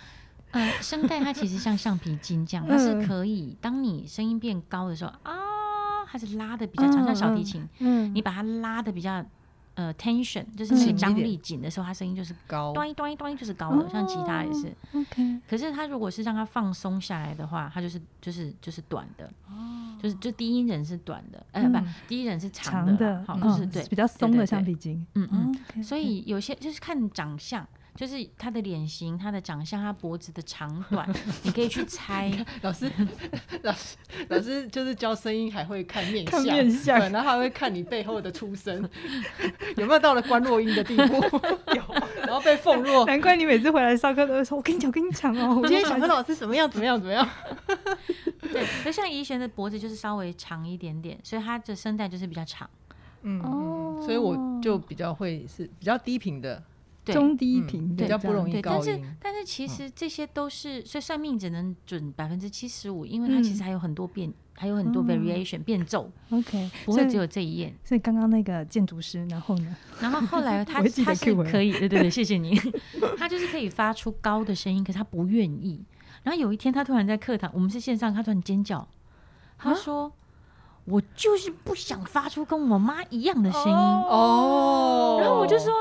嗯？呃，聲帶它其實像橡皮筋這樣， 它是可以，當你聲音變高的時候啊，它是拉得比較長、嗯，像小提琴，嗯，你把它拉得比較。呃，tension 就是張力緊的時候，它、嗯、聲音就是高。端一端一端一就是高的，哦、像吉他也是。Okay. 可是它如果是讓它放鬆下來的話，它就是就是就是短的。哦、就是就低音人是短的，哎、嗯呃、不，低音人是長的。長的，好，就是、嗯、對比較鬆的橡皮筋。嗯嗯，okay, okay. 所以有些就是看長相。就是他的臉型、他的長相、他脖子的長短， 你可以去猜。老師，老師，老師就是教聲音，還會看面相，面相，然後還會看你背後的出身， 有沒有到了觀落陰的地步？ 有，然後被奉若。 難怪你每次回來上課都會說，我跟你講，我跟你講哦、喔， 我今天想跟老師怎麼樣，怎麼樣，怎麼樣？ 對，而像怡璇的脖子就是稍微長一點點，所以她的聲帶就是比較長。嗯，嗯、哦，所以我就比較會是比較低頻的。中低頻、嗯、比較不容易高音，但是、嗯、但是其實這些都是，所以算命只能準百分之七十五，因為它其實還有很多變，嗯、還有很多 variation、嗯、變奏。OK，不會只有這一頁。所以剛剛那個建築師，然後呢？然後後來他 他是可以，對對對，謝謝你。 他就是可以發出高的聲音，可是他不願意。然後有一天他突然在課堂，我們是線上，他突然尖叫，他說：“我就是不想發出跟我媽一樣的聲音。”哦，然後我就說。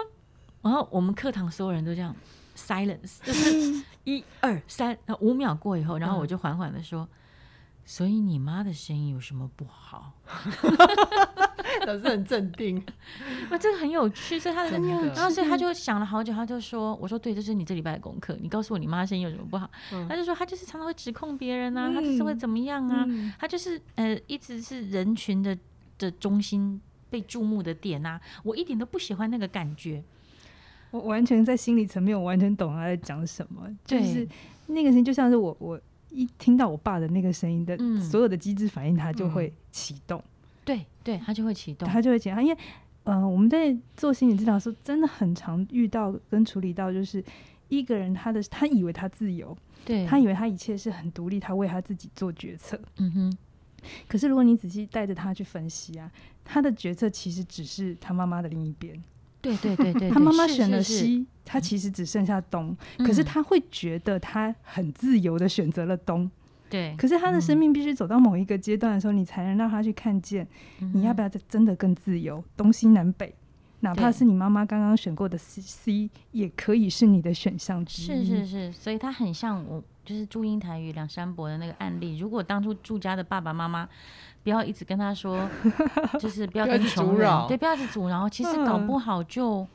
然後我們課堂所有人都這樣 silence，就是一二三，那五秒過以後、嗯，然後我就緩緩的說，所以你媽的聲音有什麼不好？ 老師很鎮定，那、嗯、這個很有趣，所以他的然後所以他就想了好久，他就說，我說對，這是你這禮拜的功課，你告訴我你媽的聲音有什麼不好？嗯、他就說，他就是常常會指控別人啊，嗯、他就是會怎麼樣啊？嗯、他就是呃，一直是人群的的中心被注目的點啊，我一點都不喜歡那個感覺。我完全在心理層面，我完全懂他在講什麼。就是那個聲音，就像是我我一聽到我爸的那個聲音的、嗯、所有的機制反應，他就會啟動。嗯、對對，他就會啟動，他就會講。因為呃，我們在做心理治療的時候，真的很常遇到跟處理到，就是一個人他的他以為他自由，對他以為他一切是很獨立，他為他自己做決策。嗯哼。可是如果你仔細帶着他去分析啊，他的決策其實只是他媽媽的另一邊。對對對對，他媽媽選了西，他其實只剩下東、嗯，可是他會覺得他很自由的選擇了東。對、嗯，可是他的生命必須走到某一個階段的時候，你才能讓他去看見，你要不要再真的更自由？嗯、東西南北，哪怕是你媽媽剛剛選過的西西，也可以是你的選項之一。是是是，所以他很像我，就是《祝英台與梁山伯》的那個案例。如果當初祝家的爸爸媽媽。不要一直跟他說，就是不要一直 阻擾，對，不要一直阻擾、嗯。然後其實搞不好就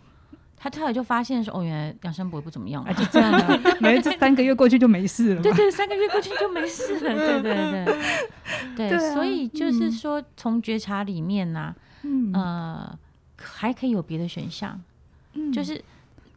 他突然就發現說，哦，原來養生博不怎麼樣、啊，而且這樣的，反、啊、正 三個月過去就沒事了。對對，三個月過去就沒事了。 對對對對，對，對、啊，所以就是說從覺察裡面呢、啊嗯，呃，可還可以有別的選項，嗯、就是。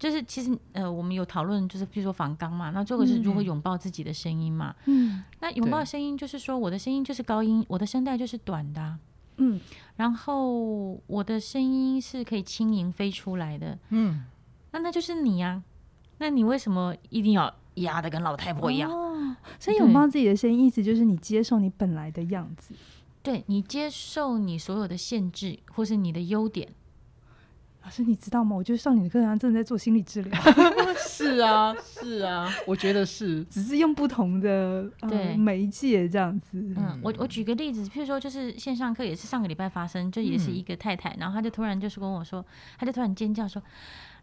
就是其實呃，我們有討論，就是譬如說房剛嘛，那這個是如何擁抱自己的聲音嘛？嗯，那擁抱聲音就是說，我的聲音就是高音，嗯、我的聲帶就是短的、啊，嗯，然後我的聲音是可以輕盈飛出來的，嗯，那那就是你呀、啊。那你為什麼一定要壓得跟老太婆一樣？哦、所以擁抱自己的聲音，意思就是你接受你本來的樣子，對你接受你所有的限制或是你的優點。老師，你知道嗎？我就是上你的課，他正在做心理治療。 是啊，是啊，我覺得是，只是用不同的、嗯、對媒介這樣子。嗯，我我舉個例子，譬如說，就是線上課也是上個禮拜發生，就也是一個太太、嗯，然後她就突然就是跟我說，她就突然尖叫說。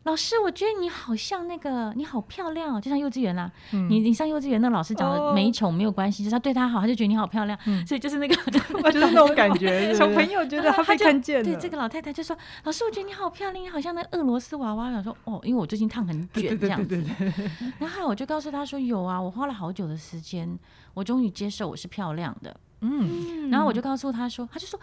老師，我覺得你好像那個，你好漂亮哦、喔，就像幼稚園啦、啊嗯。你你上幼稚園，那老師長得美醜、哦、沒有關係，就是他對他好，他就覺得你好漂亮，嗯、所以就是那個， 就是那種感覺。 小朋友覺得他被看見了。對，這個老太太就說：“老師，我覺得你好漂亮，你好像那個俄羅斯娃娃。”我說：“哦，因為我最近燙很捲這樣子。 ”然後我就告訴他說：“有啊，我花了好久的時間，我終於接受我是漂亮的。”嗯，然後我就告訴他說，他就說。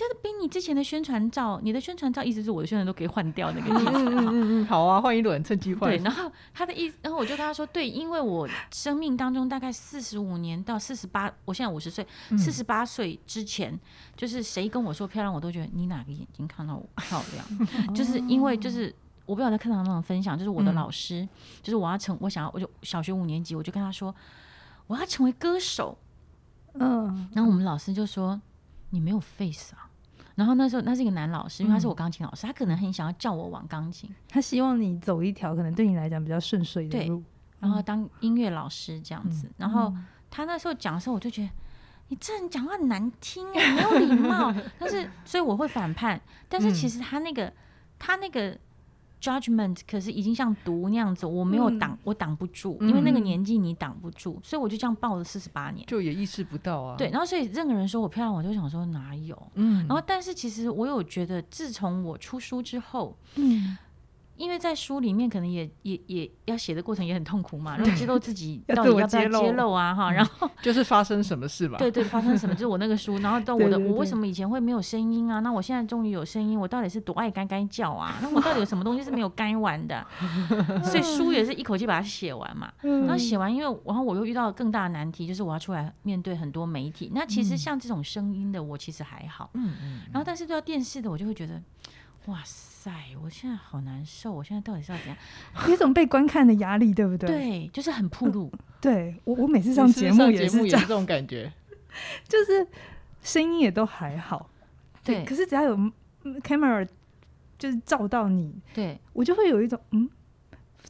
就是比你之前的宣傳照，你的宣傳照，意思是我的宣傳都可以換掉那個意思哈。好啊，換一輪，趁機換。對，然後他的意思，然後我就跟他說，對，因為我生命當中大概四十五年到四十八，我現在五十歲，四十八歲之前，嗯、就是誰跟我說漂亮，我都覺得你哪個眼睛看到我漂亮，嗯、就是因為就是我不曉得看到那種分享，就是我的老師、嗯，就是我要成，我想要，我就小學五年級，我就跟他說，我要成為歌手。嗯，然後我們老師就說，你沒有 face 啊。然後那時候，那是一個男老師，因為他是我鋼琴老師、嗯，他可能很想要叫我玩鋼琴，他希望你走一條可能對你來講比較順遂的路對，然後當音樂老師這樣子、嗯。然後他那時候講的時候，我就覺得、嗯、你這人講話很難聽、啊，沒有禮貌。 但是所以我會反叛，但是其實他那個、嗯、他那個。judgment 可是已經像毒那樣子，我沒有擋、嗯，我擋不住，因為那個年紀你擋不住，所以我就這樣抱了四十八年，就也意識不到啊。對，然後所以任何人說我漂亮，我就想說哪有？嗯，然後但是其實我有覺得，自從我出書之後，嗯。因為在書裡面可能也也也，也要寫的過程也很痛苦嘛，然後知道自己到底要不要揭露啊哈，然 後就是發生什麼事吧，對對，發生什麼就是我那個書，然後到我的我為什麼以前會沒有聲音啊？那我現在終於有聲音， 我到底是多愛幹干叫啊？那我到底有什麼東西是沒有幹完的？ 所以書也是一口氣把它寫完嘛，然後寫完，因為然後我又遇到了更大的難題，就是我要出來面對很多媒體。那其實像這種聲音的我其實還好，嗯嗯，嗯，然後但是到電視的我就會覺得。哇塞！我現在好難受，我現在到底是要怎樣？有 種被觀看的壓力，對不對？對，就是很暴露、嗯。對我，我每次上節目節目，也是這種感覺， 就是聲音也都還好對。對，可是只要有 camera 就是照到你，對我就會有一種嗯，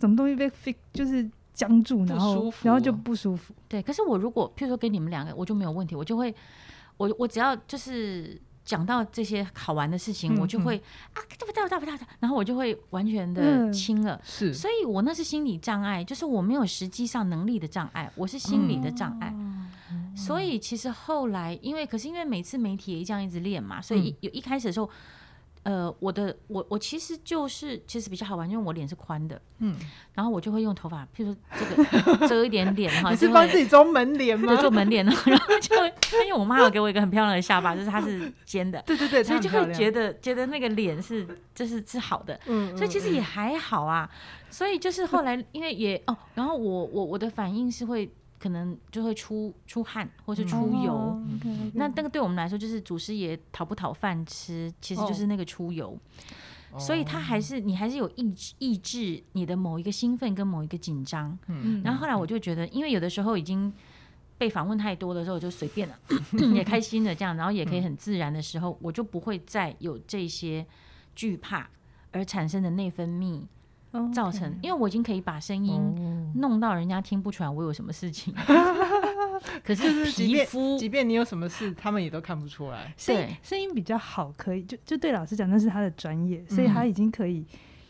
什麼東西被 fick，就是僵住，然後舒服然後就不舒服。對，可是我如果譬如說給你們兩個，我就沒有問題，我就會我我只要就是。講到這些好玩的事情，嗯，我就會啊，大不大大不大，然後我就會完全的清了，嗯，是。所以我那是心理障礙，就是我沒有實際上能力的障礙，我是心理的障礙。嗯，所以其實後來，因為可是因為每次媒體也這樣一直練嘛，所以一，嗯，有一開始的時候。呃，我的我我其實就是其實比較好玩，因為我臉是寬的，嗯，然後我就會用頭髮，譬如說這個遮一點點哈， 你是幫自己裝門簾嗎？做門簾呢，然後就會因為我媽有給我一個很漂亮的下巴， 就是她是尖的，對對對，所以就會覺得覺得那個臉是這、就是治好的，嗯，嗯，嗯，所以其實也還好啊，所以就是後來因為也 哦，然後我我我的反應是會。可能就會出出汗，或是出油。Oh, okay, okay. 那那個對我們來說，就是祖師爺討不討飯吃，其實就是那個出油。Oh. 所以，他還是你還是有抑制抑制你的某一個興奮跟某一個緊張。嗯。然後後來我就覺得，因為有的時候已經被訪問太多的時候，我就隨便了。嗯，也開心了，這樣，然後也可以很自然的時候，嗯。我就不會再有這些懼怕而產生的內分泌。Oh, okay. 造成，因為我已經可以把聲音弄到人家聽不出來，oh. 我有什麼事情， 可是皮膚， 即便你有什麼事，他們也都看不出來。對，聲音比較好，可以就就對老師講，那是他的專業，所以他已經可以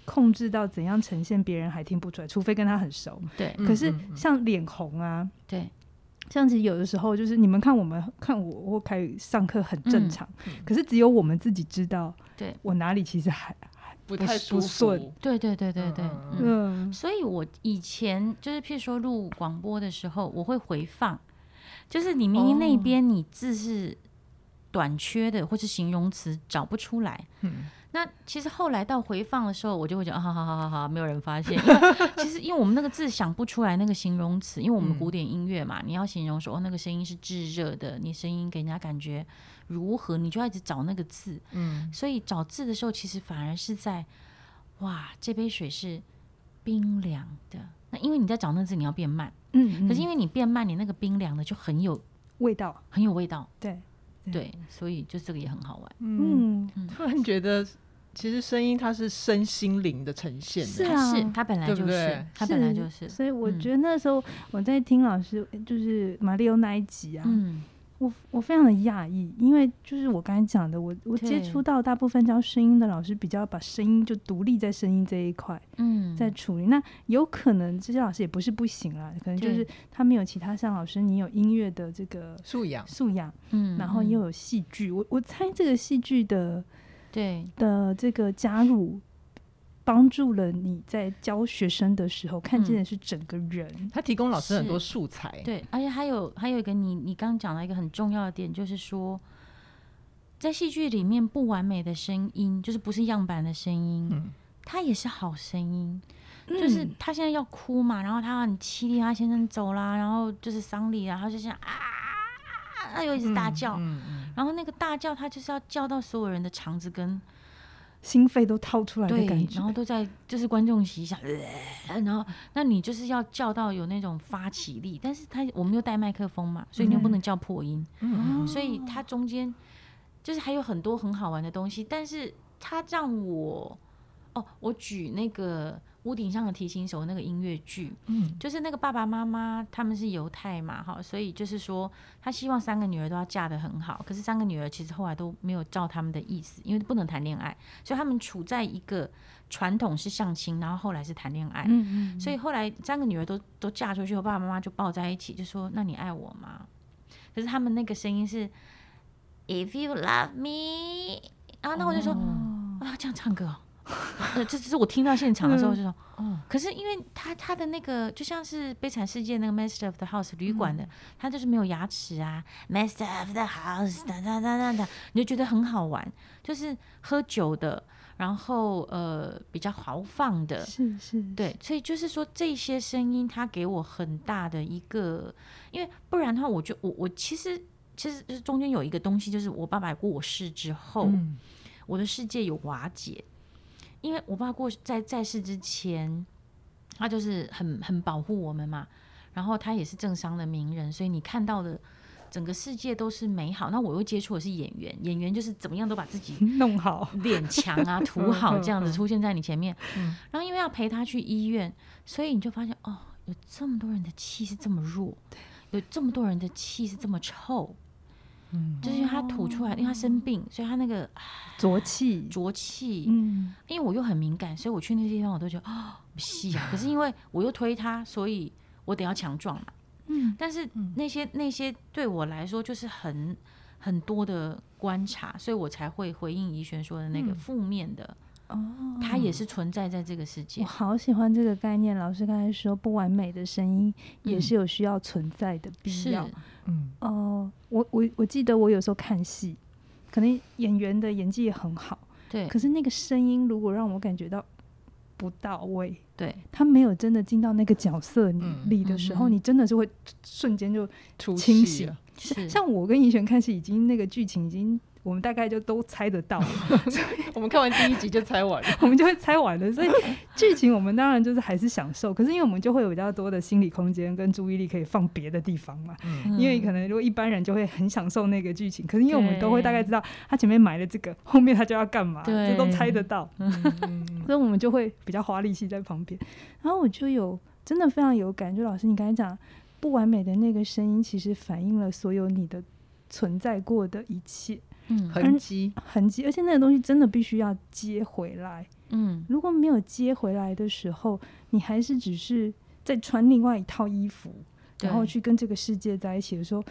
控制到怎樣呈現別人還聽不出來，嗯、除非跟他很熟。對，可是像臉紅啊，嗯嗯嗯對，這樣子有的時候就是你們看我們看我，我開始上課很正常，嗯，可是只有我們自己知道，對我哪裡其實還。不太舒服，不舒服，對對對對對，嗯，嗯，所以我以前就是，譬如說錄廣播的時候，我會回放，就是你明明那邊你字是短缺的，哦、或是形容詞找不出來，嗯，那其實後來到回放的時候，我就會覺得，好、啊、好好好好，沒有人發現，其實因為我們那個字想不出來，那個形容詞， 因為我們古典音樂嘛、嗯，你要形容說哦，那個聲音是炙熱的，你聲音給人家感覺。如何？你就要一直找那個字。嗯。所以找字的時候，其實反而是在，哇，這杯水是冰涼的。那因為你在找那個字，你要變慢，嗯。嗯。可是因為你變慢，你那個冰涼的就很有味道，很有味道，對。對。對，所以就這個也很好玩。嗯。嗯突然覺得，其實聲音它是身心靈的呈現的是、就是。是啊，它本來就是。是它本來就是，是、嗯。所以我覺得那時候我在聽老師，就是馬里奧那一集啊。嗯。我我非常的訝異，因為就是我剛才講的，我我接觸到大部分教聲音的老師，比較把聲音就獨立在聲音這一塊，嗯，在處理。那有可能這些老師也不是不行啦，可能就是他們有其他像老師，你有音樂的這個素養素養，嗯，然後又有戲劇。我我猜這個戲劇的對的這個加入，幫助了你在教學生的時候，看見的是整個人。嗯、他提供老師很多素材，對，而且還有還有一個你你剛剛講到一個很重要的點，就是說，在戲劇裡面不完美的聲音，就是不是樣板的聲音，他、嗯、也是好聲音、嗯。就是他現在要哭嘛，然後他很淒厲，他先生走啦，然後就是喪禮，啊，然後就想啊啊、啊、啊、啊、啊又一直大叫，嗯嗯，然後那個大叫他就是要叫到所有人的腸子跟。心肺都掏出來的感覺，然後都在就是觀眾席想，然後那你就是要叫到有那種發起力，但是他我們又帶麥克風嘛，所以你又不能叫破音，嗯嗯、所以他中間就是還有很多很好玩的東西，但是他讓我哦，我舉那個。屋頂上的提琴手那個音樂劇，嗯，就是那個爸爸媽媽他們是猶太嘛，哈，所以就是說他希望三個女兒都要嫁得很好，可是三個女兒其實後來都沒有照他們的意思，因為不能談戀愛，所以他們處在一個傳統是相親，然後後來是談戀愛，嗯，嗯，所以後來三個女兒都都嫁出去後，爸爸媽媽就抱在一起就說：“那你愛我嗎？”可是他們那個聲音是 “If you love me”，哦，啊，那我就說我要，啊，這樣唱歌。 呃、這只是我聽到現場的時候就說，嗯，哦、可是因為他他的那個就像是《悲慘世界》那個 Master of the House 旅館的，他、嗯、就是沒有牙齒啊，Master of the House 等等等等等，你就覺得很好玩，就是喝酒的，然後呃比較豪放的，是是,是，對，所以就是說這些聲音他給我很大的一個，因為不然的話我，我就我我其實其實就是中間有一個東西，就是我爸爸過世之後、嗯，我的世界有瓦解。因為我爸過在在世之前，他就是很很保護我們嘛，然後他也是政商的名人，所以你看到的整個世界都是美好。那我又接觸的是演員，演員就是怎麼樣都把自己、啊、弄好，臉牆啊塗好這樣子出現在你前面、 嗯。然後因為要陪他去醫院，所以你就發現哦，有這麼多人的氣是這麼弱，有這麼多人的氣是這麼臭。嗯，就是因為他吐出來，嗯哦、因為他生病，嗯哦、所以他那個濁氣，濁氣。嗯，因為我又很敏感，所以我去那些地方我都覺得哦，吸、嗯、可是因為我又推他，所以我得要強壯嘛。嗯，但是那些那些對我來說就是很很多的觀察，所以我才會回應怡璇說的那個負面的哦、嗯，它也是存在在這個世界。哦、我好喜歡這個概念，老師剛才說不完美的聲音也是有需要存在的必要。嗯，是嗯，哦、呃，我我我記得我有時候看戲，可能演員的演技也很好，對，可是那個聲音如果讓我感覺到不到位，對，他沒有真的進到那個角色裡的時候，嗯、你真的就會瞬間就清醒。像我跟怡璇看戲，已經那個劇情已經。我們大概就都猜得到， 我們看完第一集就猜完了， 我們就會猜完了，所以劇情我們當然就是還是享受，可是因為我們就會有比較多的心理空間跟注意力可以放別的地方嘛、嗯。因為可能如果一般人就會很享受那個劇情，可是因為我們都會大概知道他前面埋了這個，後面他就要幹嘛，這都猜得到，嗯、 所以我們就會比較花力氣在旁邊。然後我就有真的非常有感覺，老師你剛才講不完美的那個聲音，其實反映了所有你的存在過的一切。嗯，痕跡，痕跡，而且那個東西真的必須要接回來。嗯，如果沒有接回來的時候，你還是只是在穿另外一套衣服，然後去跟這個世界在一起的時候，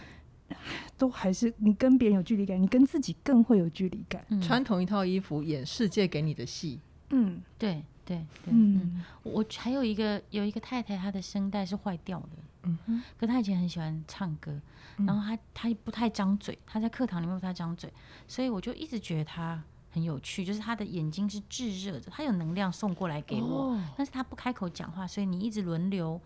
都還是你跟別人有距離感，你跟自己更會有距離感、嗯。穿同一套衣服演世界給你的戲，嗯，對。對，對，嗯嗯，我還有一個有一個太太，她的聲帶是壞掉的，嗯，可她以前很喜歡唱歌，嗯、然後她她不太張嘴，她在課堂裡面不太張嘴，所以我就一直覺得她很有趣，就是她的眼睛是炙熱的，她有能量送過來給我，哦、但是她不開口講話，所以你一直輪流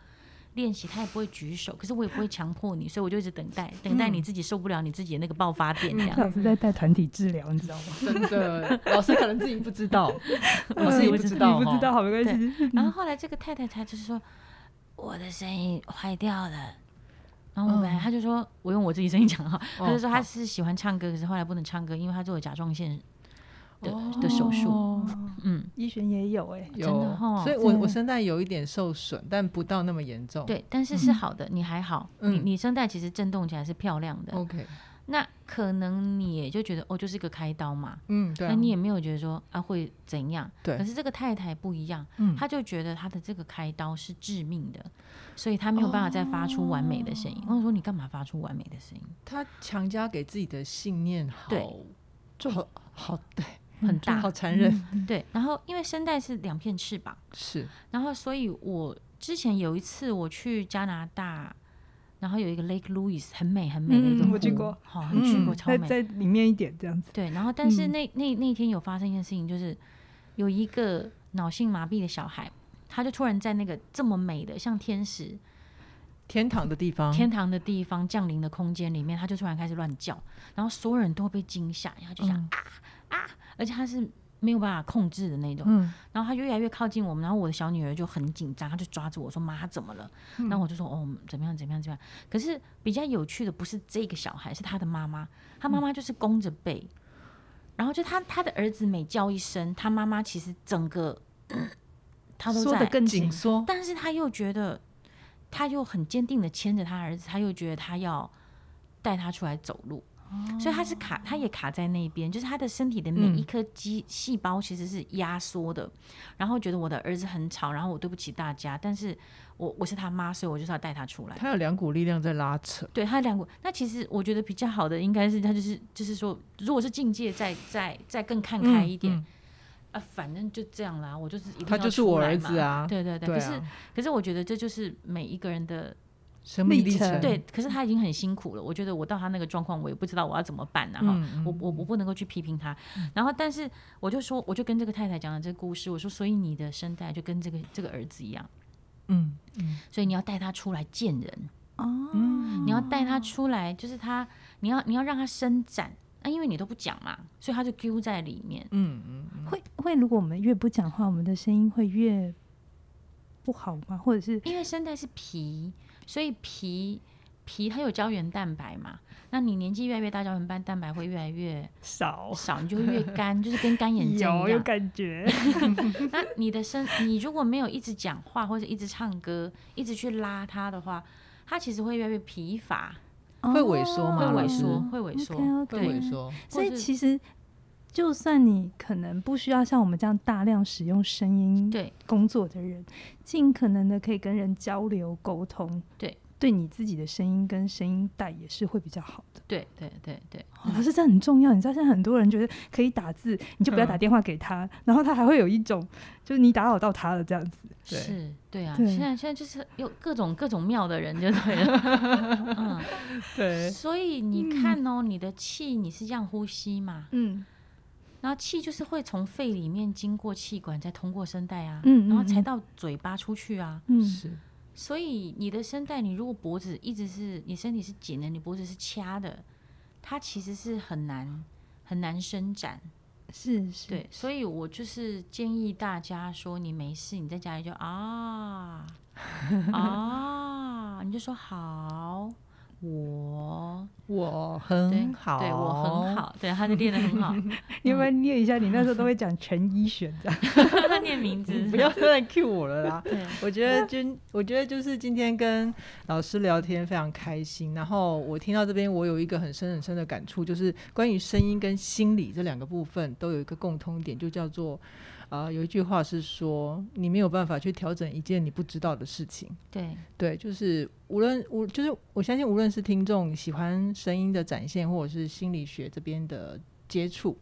練習，他也不會舉手，可是我也不會強迫你，所以我就一直等待，嗯，等待你自己受不了你自己的那個爆發點這樣子。老師在帶團體治療，你知道嗎？ 真的，老師可能自己不知道，我、 哦、自己不知道，哦、不知道好，哦、沒關係。然後後來這個太太她就是說，嗯、我的聲音壞掉了。然後我本來她就說、嗯、我用我自己聲音講哈，她就說她是喜歡唱歌，可是後來不能唱歌，因為她做了甲狀腺的的手術，oh, 嗯，醫生也有哎、欸，有啊、真的、哦。所以我我聲帶有一點受損，但不到那麼嚴重。對，但是是好的，你還好，嗯、你你聲帶其實震動起來是漂亮的。OK，、嗯、那可能你也就覺得哦，就是個開刀嘛，嗯，對、啊。那你也沒有覺得說啊會怎樣，對。可是這個太太不一樣，嗯，她就覺得她的這個開刀是致命的，所以她沒有辦法再發出完美的聲音。Oh, 我說你幹嘛發出完美的聲音？她強加給自己的信念好，對，就好好對很大，好殘忍。對、嗯，然後因為聲帶是兩片翅膀，是、嗯。然後，所以我之前有一次我去加拿大，然後有一個 Lake Louise 很美很美的一個湖、嗯，我見過，好、哦，我去過、嗯，超美在，在裡面一點這樣子。對，然後但是那、嗯、那那天有發生一件事情，就是有一個腦性麻痹的小孩，他就突然在那個這麼美的像天使、天堂的地方、天堂的地方降臨的空間裡面，他就突然開始亂叫，然後所有人都會被驚嚇，然後就想啊、嗯、啊。啊而且他是沒有辦法控制的那種、嗯，然後他越來越靠近我們，然後我的小女兒就很緊張，他就抓住我說：“媽，怎麼了、嗯？”然後我就說：“哦，怎麼樣，怎麼樣，怎麼樣？”可是比較有趣的不是這個小孩，是他的媽媽。他媽媽就是弓着背、嗯，然後就他他的兒子每叫一聲，他媽媽其實整個他都在更緊縮、嗯，但是他又覺得他又很堅定的牽着他兒子，他又覺得他要帶他出來走路。所以他是卡，他也卡在那邊，就是他的身體的每一顆肌、嗯、細胞其實是壓縮的，然後覺得我的兒子很吵，然後我對不起大家，但是我我是他媽，所以我就是要帶他出來。他有兩股力量在拉扯，對他兩股。那其實我覺得比較好的應該是他就是就是說，如果是境界再再再更看開一點、嗯，啊，反正就這樣啦，我就是一定要出來嘛，他就是我兒子啊，對對對。對啊，可是可是我覺得這就是每一個人的。什麼歷程，對，可是他已經很辛苦了。我覺得我到他那個狀況，我也不知道我要怎麼辦呢、啊。哈、嗯嗯，我我我不能夠去批評他。然後，但是我就說，我就跟這個太太講了這個故事。我說，所以你的聲帶就跟這個這個兒子一樣，嗯，嗯，所以你要帶他出來見人啊，嗯、哦，你要帶他出來，就是他，你要你要讓他伸展啊，因為你都不講嘛，所以他就丟在裡面。嗯嗯，會會，如果我們越不講話，我們的聲音會越不好嗎？或者是因為聲帶是皮？所以皮皮它有膠原蛋白嘛？那你年紀越來越大，膠原蛋白會越來越少少，你就會越乾， 就是跟乾眼症一樣有,有感覺。 那你的身，你如果沒有一直講話或者一直唱歌，一直去拉它的話，它其實會越來越疲乏，哦、會萎縮嗎？萎縮會萎縮、okay, okay，對會萎縮，所以其實。就算你可能不需要像我們這樣大量使用聲音對工作的人，盡可能的可以跟人交流溝通對，對你自己的聲音跟聲音帶也是會比較好的。對對對對，可是這很重要。你知道現在很多人覺得可以打字，你就不要打電話給他，嗯、然後他還會有一種就是你打擾到他了這樣子對。是，對啊。對現在現在就是有各種各種妙的人就對了。 嗯，嗯，對。所以你看哦，嗯、你的氣你是這樣呼吸嘛？嗯。然後氣就是會從肺裡面經過氣管，再通過聲帶啊、嗯，然後才到嘴巴出去啊。嗯，是。所以你的聲帶，你如果脖子一直是你身體是緊的，你脖子是掐的，它其實是很難很難伸展。是是。對，所以我就是建議大家說，你沒事，你在家裡就啊 啊，你就說好。我我很好，對，對我很好，對他就練得很好。嗯、你有沒有念一下、嗯？你那時候都會講陳一選這樣他念名字，不要再 cue 我了啦。我覺得，今，我覺得就，覺得就是今天跟老師聊天非常開心。然後我聽到這邊，我有一個很深很深的感觸，就是關於聲音跟心理這兩個部分都有一個共通點，就叫做。啊，有一句話是說，你沒有辦法去調整一件你不知道的事情。對對，就是無論無，就是我相信，無論是聽眾喜歡聲音的展現，或者是心理學這邊的接觸，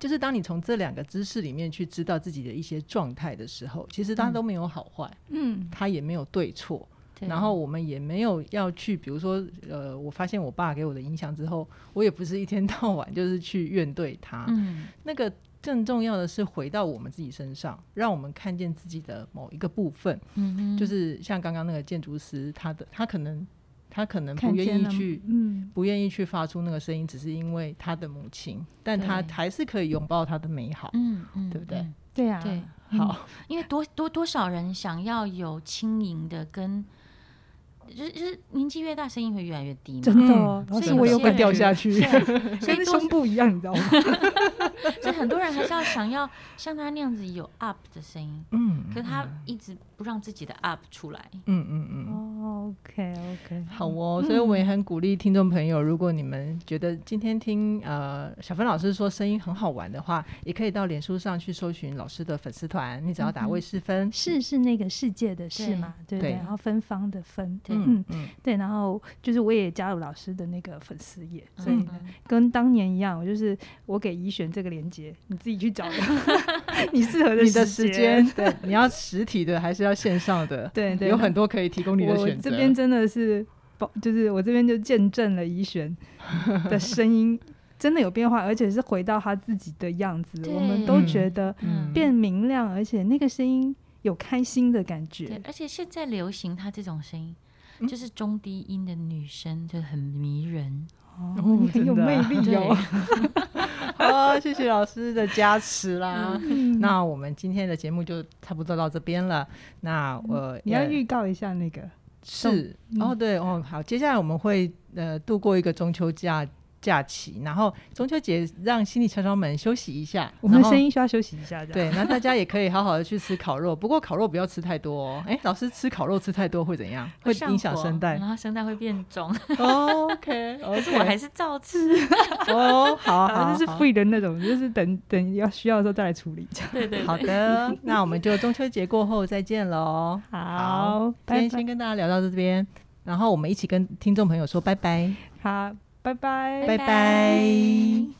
就是當你從這兩個知識裡面去知道自己的一些狀態的時候，其實大家都沒有好壞，嗯，它也沒有對錯，嗯，然後我們也沒有要去，比如說，呃，我發現我爸給我的影響之後，我也不是一天到晚就是去怨懟他，嗯，那個。更重要的是回到我們自己身上，讓我們看見自己的某一個部分。嗯嗯，就是像剛剛那個建築師，他的他可能他可能不願意去，嗯，不願意去發出那個聲音，只是因為他的母親，但他還是可以擁抱他的美好。對，嗯嗯，對不對？嗯，對啊，對，好，嗯，因為多多多少人想要有輕盈的跟。就是就是年紀越大，聲音會越來越低嘛，真、嗯、的，所以會又、哦、掉下去， 所以都不一樣，你知道嗎？所以很多人還是要想要像他那樣子有 up 的聲音，嗯，可是他一直，嗯不讓自己的 up 出來。嗯嗯嗯。OK OK。好哦，所以我也很鼓勵聽眾朋友、嗯，如果你們覺得今天聽呃小芬老師說聲音很好玩的話，也可以到臉書上去搜尋老師的粉絲團、嗯。你只要打魏世芬、嗯。是是那個世界的，是嗎？對對,對,對,對。然後芬芳的芬，嗯嗯。對，然後就是我也加入老師的那個粉絲頁、嗯嗯，所以跟當年一樣，我就是我給怡璇這個鏈接，你自己去找的， 你適合的你的時間，對，你要實體的還是要？線上的 對對的，有很多可以提供你的選擇。我這邊真的是，就是我這邊就見證了怡璇的聲音 真的有變化，而且是回到他自己的樣子。 我們都覺得變明亮，嗯、而且那個聲音有開心的感覺。對，而且現在流行他這種聲音、嗯，就是中低音的女生就很迷人。哦，哦你很有魅力哦！真的啊、 好、啊，謝謝老師的加持啦。嗯、那我們今天的節目就差不多到這邊了。那我、嗯、你要預告一下那個是哦、嗯、哦，對哦，好，接下來我們會呃度過一個中秋假假期，然後中秋節讓心理敲敲門休息一下，我們的聲音需要休息一下。對，那大家也可以好好的去吃烤肉，不過烤肉不要吃太多。哦。哎、欸，老師吃烤肉吃太多會怎樣？會影響聲帶，然後聲帶會變腫。Oh, okay, OK，可是我還是照吃。哦、oh,，好，那，就是 free 的，那種就是等等要需要的時候再來處理這樣。對對，對，好的，那我們就中秋節過後再見嘍。 好，今天先，先跟大家聊到這邊，然後我們一起跟聽眾朋友說拜拜。好。拜拜，拜拜。